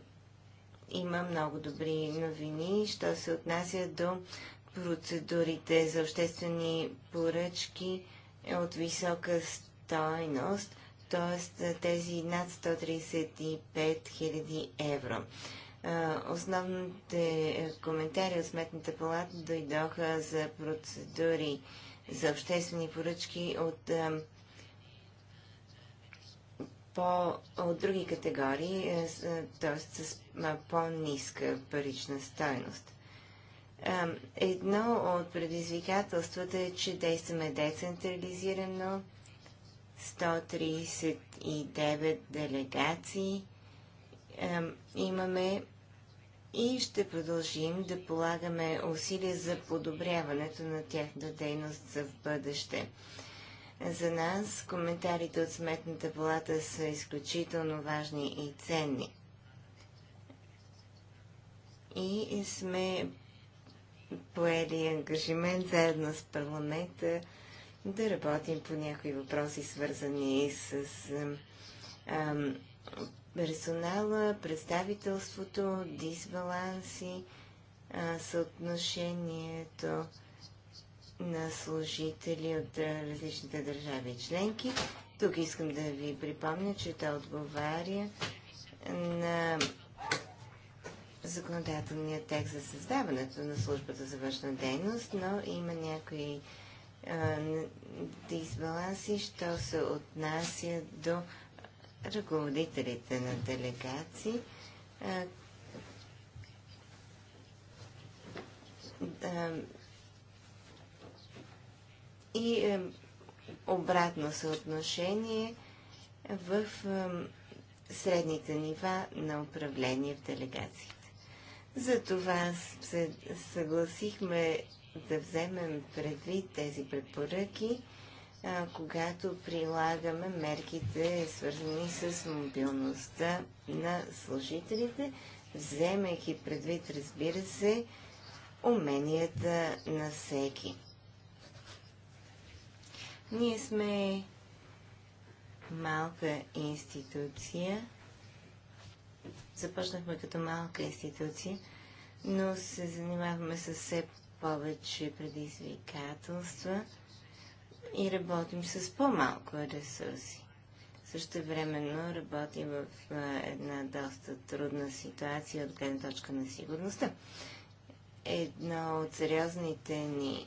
има много добри новини, що се отнася до процедурите за обществени поръчки от висока степен стойност, т.е. тези над 135 000 евро. Основните е, коментари от Сметната палата дойдоха за процедури за обществени поръчки от, е, по, от други категории, е, т.е. с по-ниска парична стойност. Едно от предизвикателствата е, че действаме децентрализирано, 139 делегации имаме и ще продължим да полагаме усилия за подобряването на тяхната дейност за в бъдеще. За нас коментарите от Сметната палата са изключително важни и ценни. И сме поели ангажимент заедно с парламента да работим по някои въпроси, свързани с ам, персонала, представителството, дисбаланси, а, съотношението на служители от различните държави и членки. Тук искам да ви припомня, че то отговаря на законодателния текст за създаването на службата за външна дейност, но има някои дисбаланси, що се отнася до ръководителите на делегации. и обратно съотношение в средните нива на управление в делегациите. За това се съгласихме да вземем предвид тези препоръки, а, когато прилагаме мерките, свързани с мобилността на служителите, вземайки предвид, разбира се, уменията на всеки. Ние сме малка институция. Започнахме като малка институция, но се занимаваме с все повече предизвикателства и работим с по-малко ресурси. Също времено работим в една доста трудна ситуация от гледна точка на сигурността. Едно от сериозните ни е,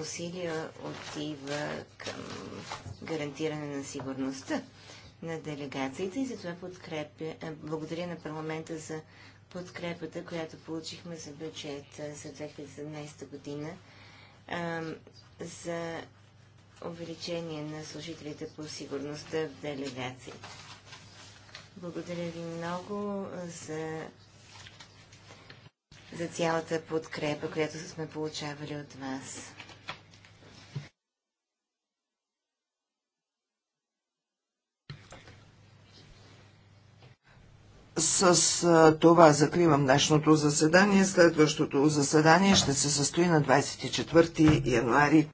усилия отива към гарантиране на сигурността на делегациите и затова подкрепя, благодаря на парламента за подкрепата, която получихме за бюджет за 2017 година за увеличение на служителите по сигурността в делегации. Благодаря ви много за, за цялата подкрепа, която сме получавали от вас. С това закривам днешното заседание. Следващото заседание ще се състои на 24 януари.